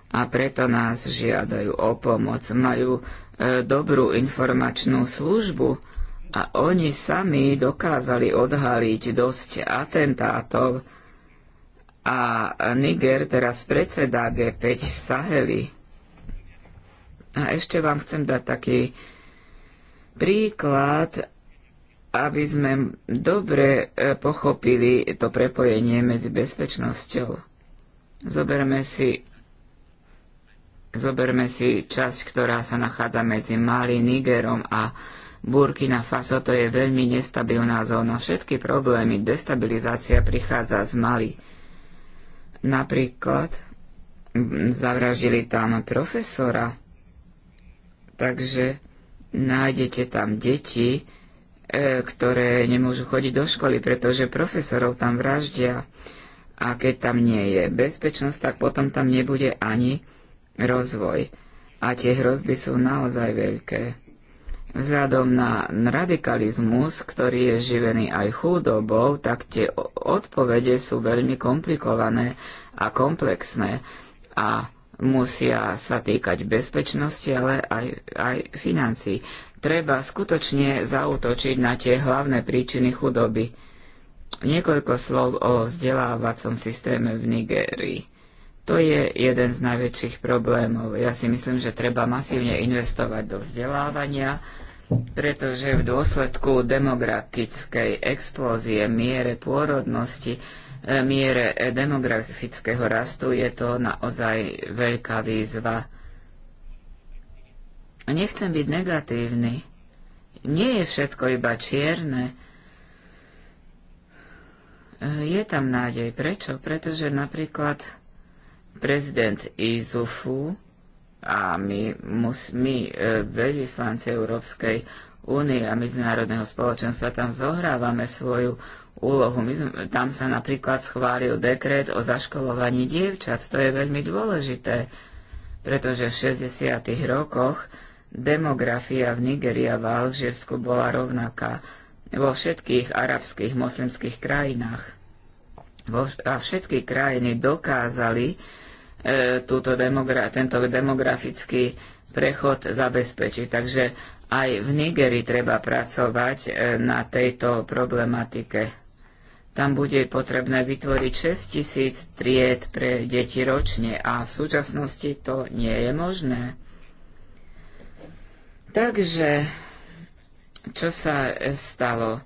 a preto nás žiadajú o pomoc. Majú e, dobrú informačnú službu a oni sami dokázali odhaliť dosť atentátov a Niger teraz predseda G5 v Saheli. A ešte vám chcem dať taký príklad, aby sme dobre e, pochopili to prepojenie medzi bezpečnosťou. Zoberme si, zoberme si časť, ktorá sa nachádza medzi Mali, Nigerom a Burkina Faso. To je veľmi nestabilná zóna. Všetky problémy, destabilizácia prichádza z Mali. Napríklad zavraždili tam profesora, Takže nájdete tam deti, e, ktoré nemôžu chodiť do školy, pretože profesorov tam vraždia. A keď tam nie je bezpečnosť, tak potom tam nebude ani rozvoj. A tie hrozby sú naozaj veľké. Vzhľadom na radikalizmus, ktorý je živený aj chudobou, tak tie odpovede sú veľmi komplikované a komplexné. A musia sa týkať bezpečnosti, ale aj, aj financií. Treba skutočne zautočiť na tie hlavné príčiny chudoby. Niekoľko slov o vzdelávacom systéme v Nigérii. To je jeden z najväčších problémov. Ja si myslím, že treba masívne investovať do vzdelávania, pretože v dôsledku demografickej explózie, miere pôrodnosti, miere demografického rastu je to naozaj veľká výzva. Nechcem byť negatívny. Nie je všetko iba čierne. Je tam nádej. Prečo? Pretože napríklad prezident Izufu a my, mus, my e, veľvyslanci Európskej únie a medzinárodného spoločenstva tam zohrávame svoju úlohu. My sme, tam sa napríklad schválil dekret o zaškolovaní dievčat. To je veľmi dôležité, pretože v 60. rokoch demografia v Nigerii a v Alžírsku bola rovnaká vo všetkých arabských moslimských krajinách. Vo, a všetky krajiny dokázali e, túto demogra- tento demografický prechod zabezpečiť. Takže aj v Nigerii treba pracovať e, na tejto problematike. Tam bude potrebné vytvoriť 6 tisíc tried pre deti ročne a v súčasnosti to nie je možné. Takže, čo sa stalo?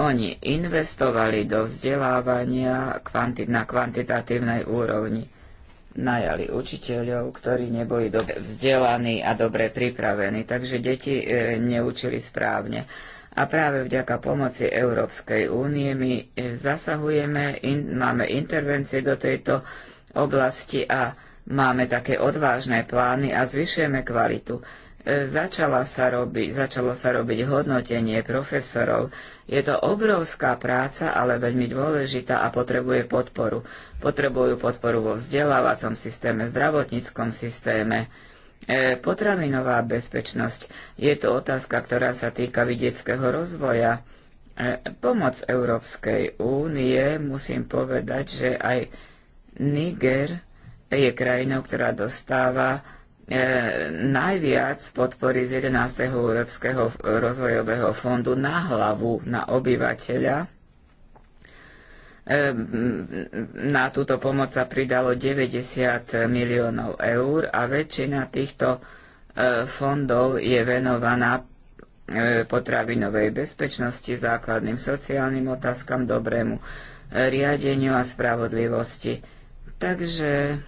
Oni investovali do vzdelávania na kvantitatívnej úrovni. Najali učiteľov, ktorí neboli dobre vzdelaní a dobre pripravení, takže deti e, neučili správne a práve vďaka pomoci Európskej únie my e, zasahujeme, in, máme intervencie do tejto oblasti a máme také odvážne plány a zvyšujeme kvalitu. E, začala sa robi, začalo sa robiť hodnotenie profesorov. Je to obrovská práca, ale veľmi dôležitá a potrebuje podporu. Potrebujú podporu vo vzdelávacom systéme, zdravotníckom systéme E, potravinová bezpečnosť. Je to otázka, ktorá sa týka vidieckého rozvoja. E, pomoc Európskej únie, musím povedať, že aj Niger je krajinou, ktorá dostáva e, najviac podpory z 11. Európskeho rozvojového fondu na hlavu, na obyvateľa na túto pomoc sa pridalo 90 miliónov eur a väčšina týchto e, fondov je venovaná e, potravinovej bezpečnosti, základným sociálnym otázkam, dobrému e, riadeniu a spravodlivosti. Takže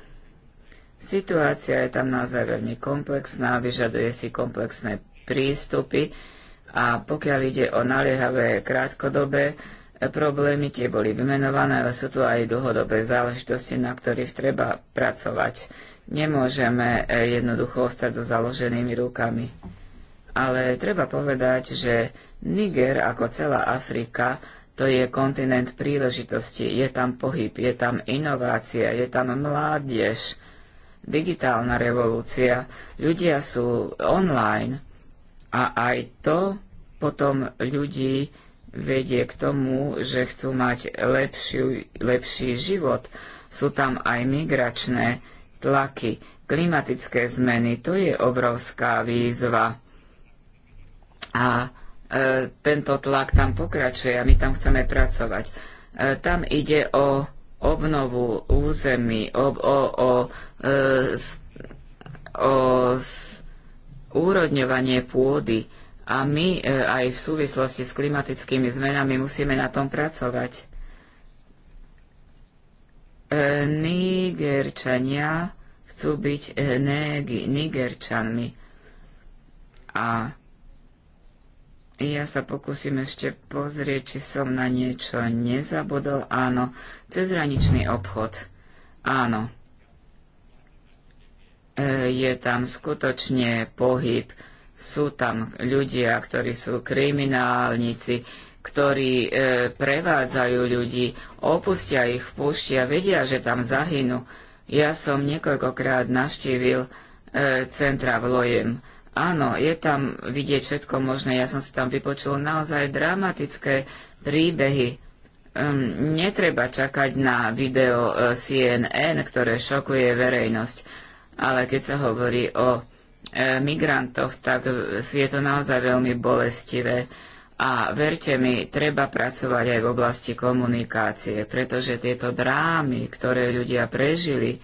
situácia je tam naozaj veľmi komplexná, vyžaduje si komplexné prístupy a pokiaľ ide o naliehavé krátkodobé Problémy tie boli vymenované, ale sú tu aj dlhodobé záležitosti, na ktorých treba pracovať. Nemôžeme e, jednoducho ostať so založenými rukami. Ale treba povedať, že Niger ako celá Afrika to je kontinent príležitosti, je tam pohyb, je tam inovácia, je tam mládež, digitálna revolúcia, ľudia sú online a aj to potom ľudí vedie k tomu, že chcú mať lepší, lepší život. Sú tam aj migračné tlaky, klimatické zmeny, to je obrovská výzva. A e, tento tlak tam pokračuje a my tam chceme pracovať. E, tam ide o obnovu území, o, o, o, e, o s, úrodňovanie pôdy a my e, aj v súvislosti s klimatickými zmenami musíme na tom pracovať. E, Nigerčania chcú byť e, negi, Nigerčanmi. A ja sa pokúsim ešte pozrieť, či som na niečo nezabudol. Áno, cezraničný obchod. Áno. E, je tam skutočne pohyb sú tam ľudia, ktorí sú kriminálnici, ktorí e, prevádzajú ľudí, opustia ich v púšti a vedia, že tam zahynú. Ja som niekoľkokrát navštívil e, centra v Lojem. Áno, je tam vidieť všetko možné. Ja som si tam vypočul naozaj dramatické príbehy. Um, netreba čakať na video e, CNN, ktoré šokuje verejnosť. Ale keď sa hovorí o Eh, migrantoch, tak je to naozaj veľmi bolestivé. A verte mi, treba pracovať aj v oblasti komunikácie, pretože tieto drámy, ktoré ľudia prežili,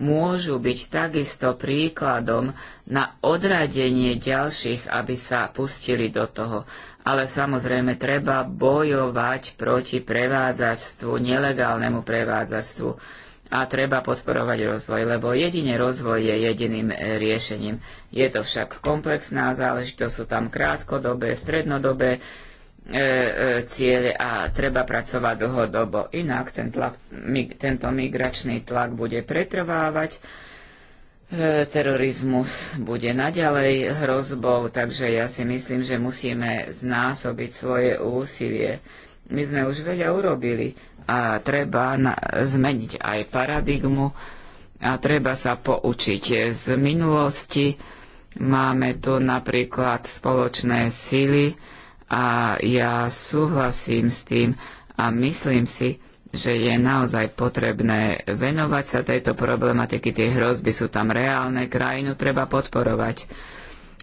môžu byť takisto príkladom na odradenie ďalších, aby sa pustili do toho. Ale samozrejme treba bojovať proti prevádzačstvu, nelegálnemu prevádzačstvu a treba podporovať rozvoj, lebo jedine rozvoj je jediným e, riešením. Je to však komplexná záležitosť, sú tam krátkodobé, strednodobé e, e, ciele a treba pracovať dlhodobo. Inak ten tlak, mi, tento migračný tlak bude pretrvávať, e, terorizmus bude naďalej hrozbou, takže ja si myslím, že musíme znásobiť svoje úsilie. My sme už veľa urobili a treba na, zmeniť aj paradigmu a treba sa poučiť z minulosti. Máme tu napríklad spoločné síly a ja súhlasím s tým a myslím si, že je naozaj potrebné venovať sa tejto problematiky. Tie hrozby sú tam reálne, krajinu treba podporovať.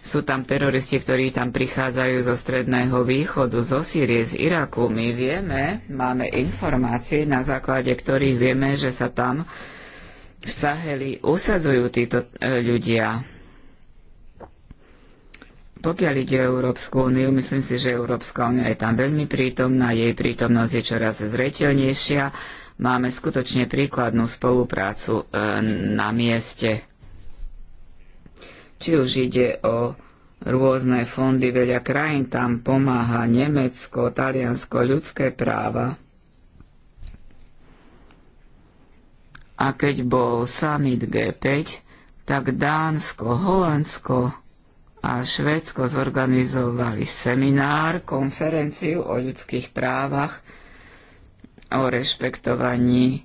Sú tam teroristi, ktorí tam prichádzajú zo Stredného východu, zo Sýrie, z Iraku. My vieme, máme informácie, na základe ktorých vieme, že sa tam v Saheli usadzujú títo e, ľudia. Pokiaľ ide o Európsku úniu, myslím si, že Európska únia je tam veľmi prítomná, jej prítomnosť je čoraz zreteľnejšia. Máme skutočne príkladnú spoluprácu e, na mieste či už ide o rôzne fondy, veľa krajín tam pomáha, Nemecko, Taliansko, ľudské práva. A keď bol summit G5, tak Dánsko, Holandsko a Švedsko zorganizovali seminár, konferenciu o ľudských právach, o rešpektovaní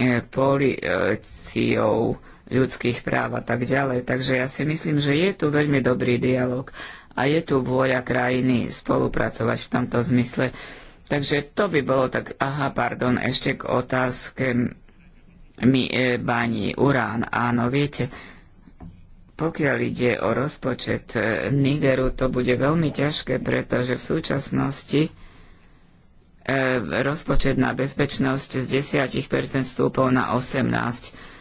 eh, policiou ľudských práv a tak ďalej. Takže ja si myslím, že je tu veľmi dobrý dialog a je tu vôľa krajiny spolupracovať v tomto zmysle. Takže to by bolo tak, aha, pardon, ešte k otázke mi e, bani urán. Áno, viete, pokiaľ ide o rozpočet e, Nigeru, to bude veľmi ťažké, pretože v súčasnosti e, rozpočet na bezpečnosť z 10% stúpol na 18%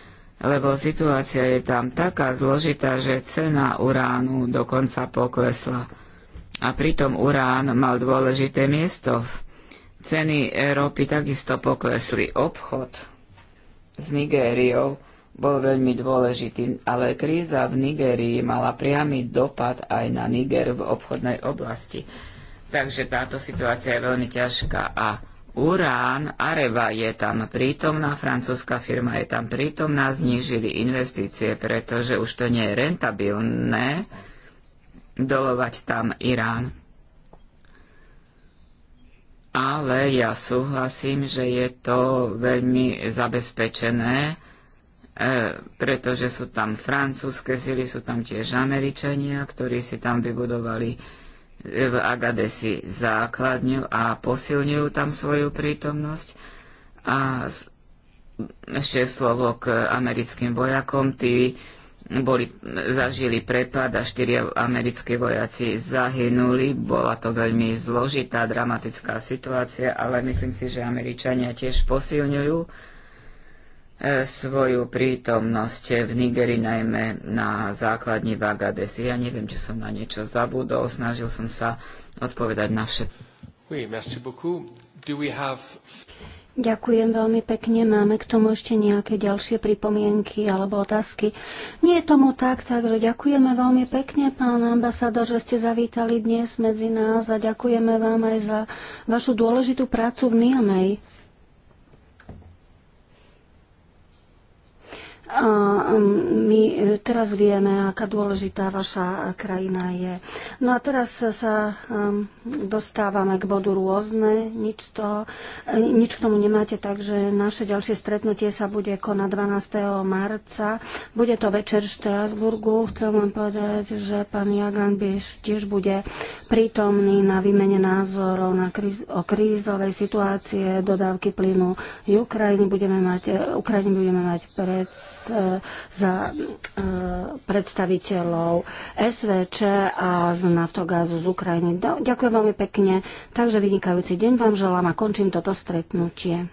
lebo situácia je tam taká zložitá, že cena uránu dokonca poklesla. A pritom urán mal dôležité miesto. Ceny ropy takisto poklesli. Obchod s Nigériou bol veľmi dôležitý, ale kríza v Nigérii mala priamy dopad aj na Niger v obchodnej oblasti. Takže táto situácia je veľmi ťažká a Urán, Areva je tam prítomná, francúzska firma je tam prítomná, znížili investície, pretože už to nie je rentabilné dolovať tam Irán. Ale ja súhlasím, že je to veľmi zabezpečené, e, pretože sú tam francúzske sily, sú tam tiež Američania, ktorí si tam vybudovali v Agadesi základňu a posilňujú tam svoju prítomnosť. A ešte slovo k americkým vojakom. Tí boli, zažili prepad a štyria americkí vojaci zahynuli. Bola to veľmi zložitá, dramatická situácia, ale myslím si, že Američania tiež posilňujú E, svoju prítomnosť v Nigeri, najmä na základni v Agadesi. Ja neviem, či som na niečo zabudol, snažil som sa odpovedať na všetko. Ďakujem veľmi pekne. Máme k tomu ešte nejaké ďalšie pripomienky alebo otázky? Nie je tomu tak, takže ďakujeme veľmi pekne, pán ambasádor, že ste zavítali dnes medzi nás a ďakujeme vám aj za vašu dôležitú prácu v Niamej. A um, my e, teraz vieme, aká dôležitá vaša krajina je. No a teraz sa um, dostávame k bodu rôzne, nič, to, e, nič k tomu nemáte, takže naše ďalšie stretnutie sa bude konať 12. marca. Bude to večer v Štrásburgu. Chcem vám povedať, že pán Jagan tiež bude prítomný na výmene názorov na kríz, o krízovej situácie dodávky plynu Ukrajiny. Budeme mať, e, Ukrajiny budeme mať pred E, za e, predstaviteľov SVČ a z Naftogázu z Ukrajiny. Ďakujem veľmi pekne, takže vynikajúci deň vám želám a končím toto stretnutie.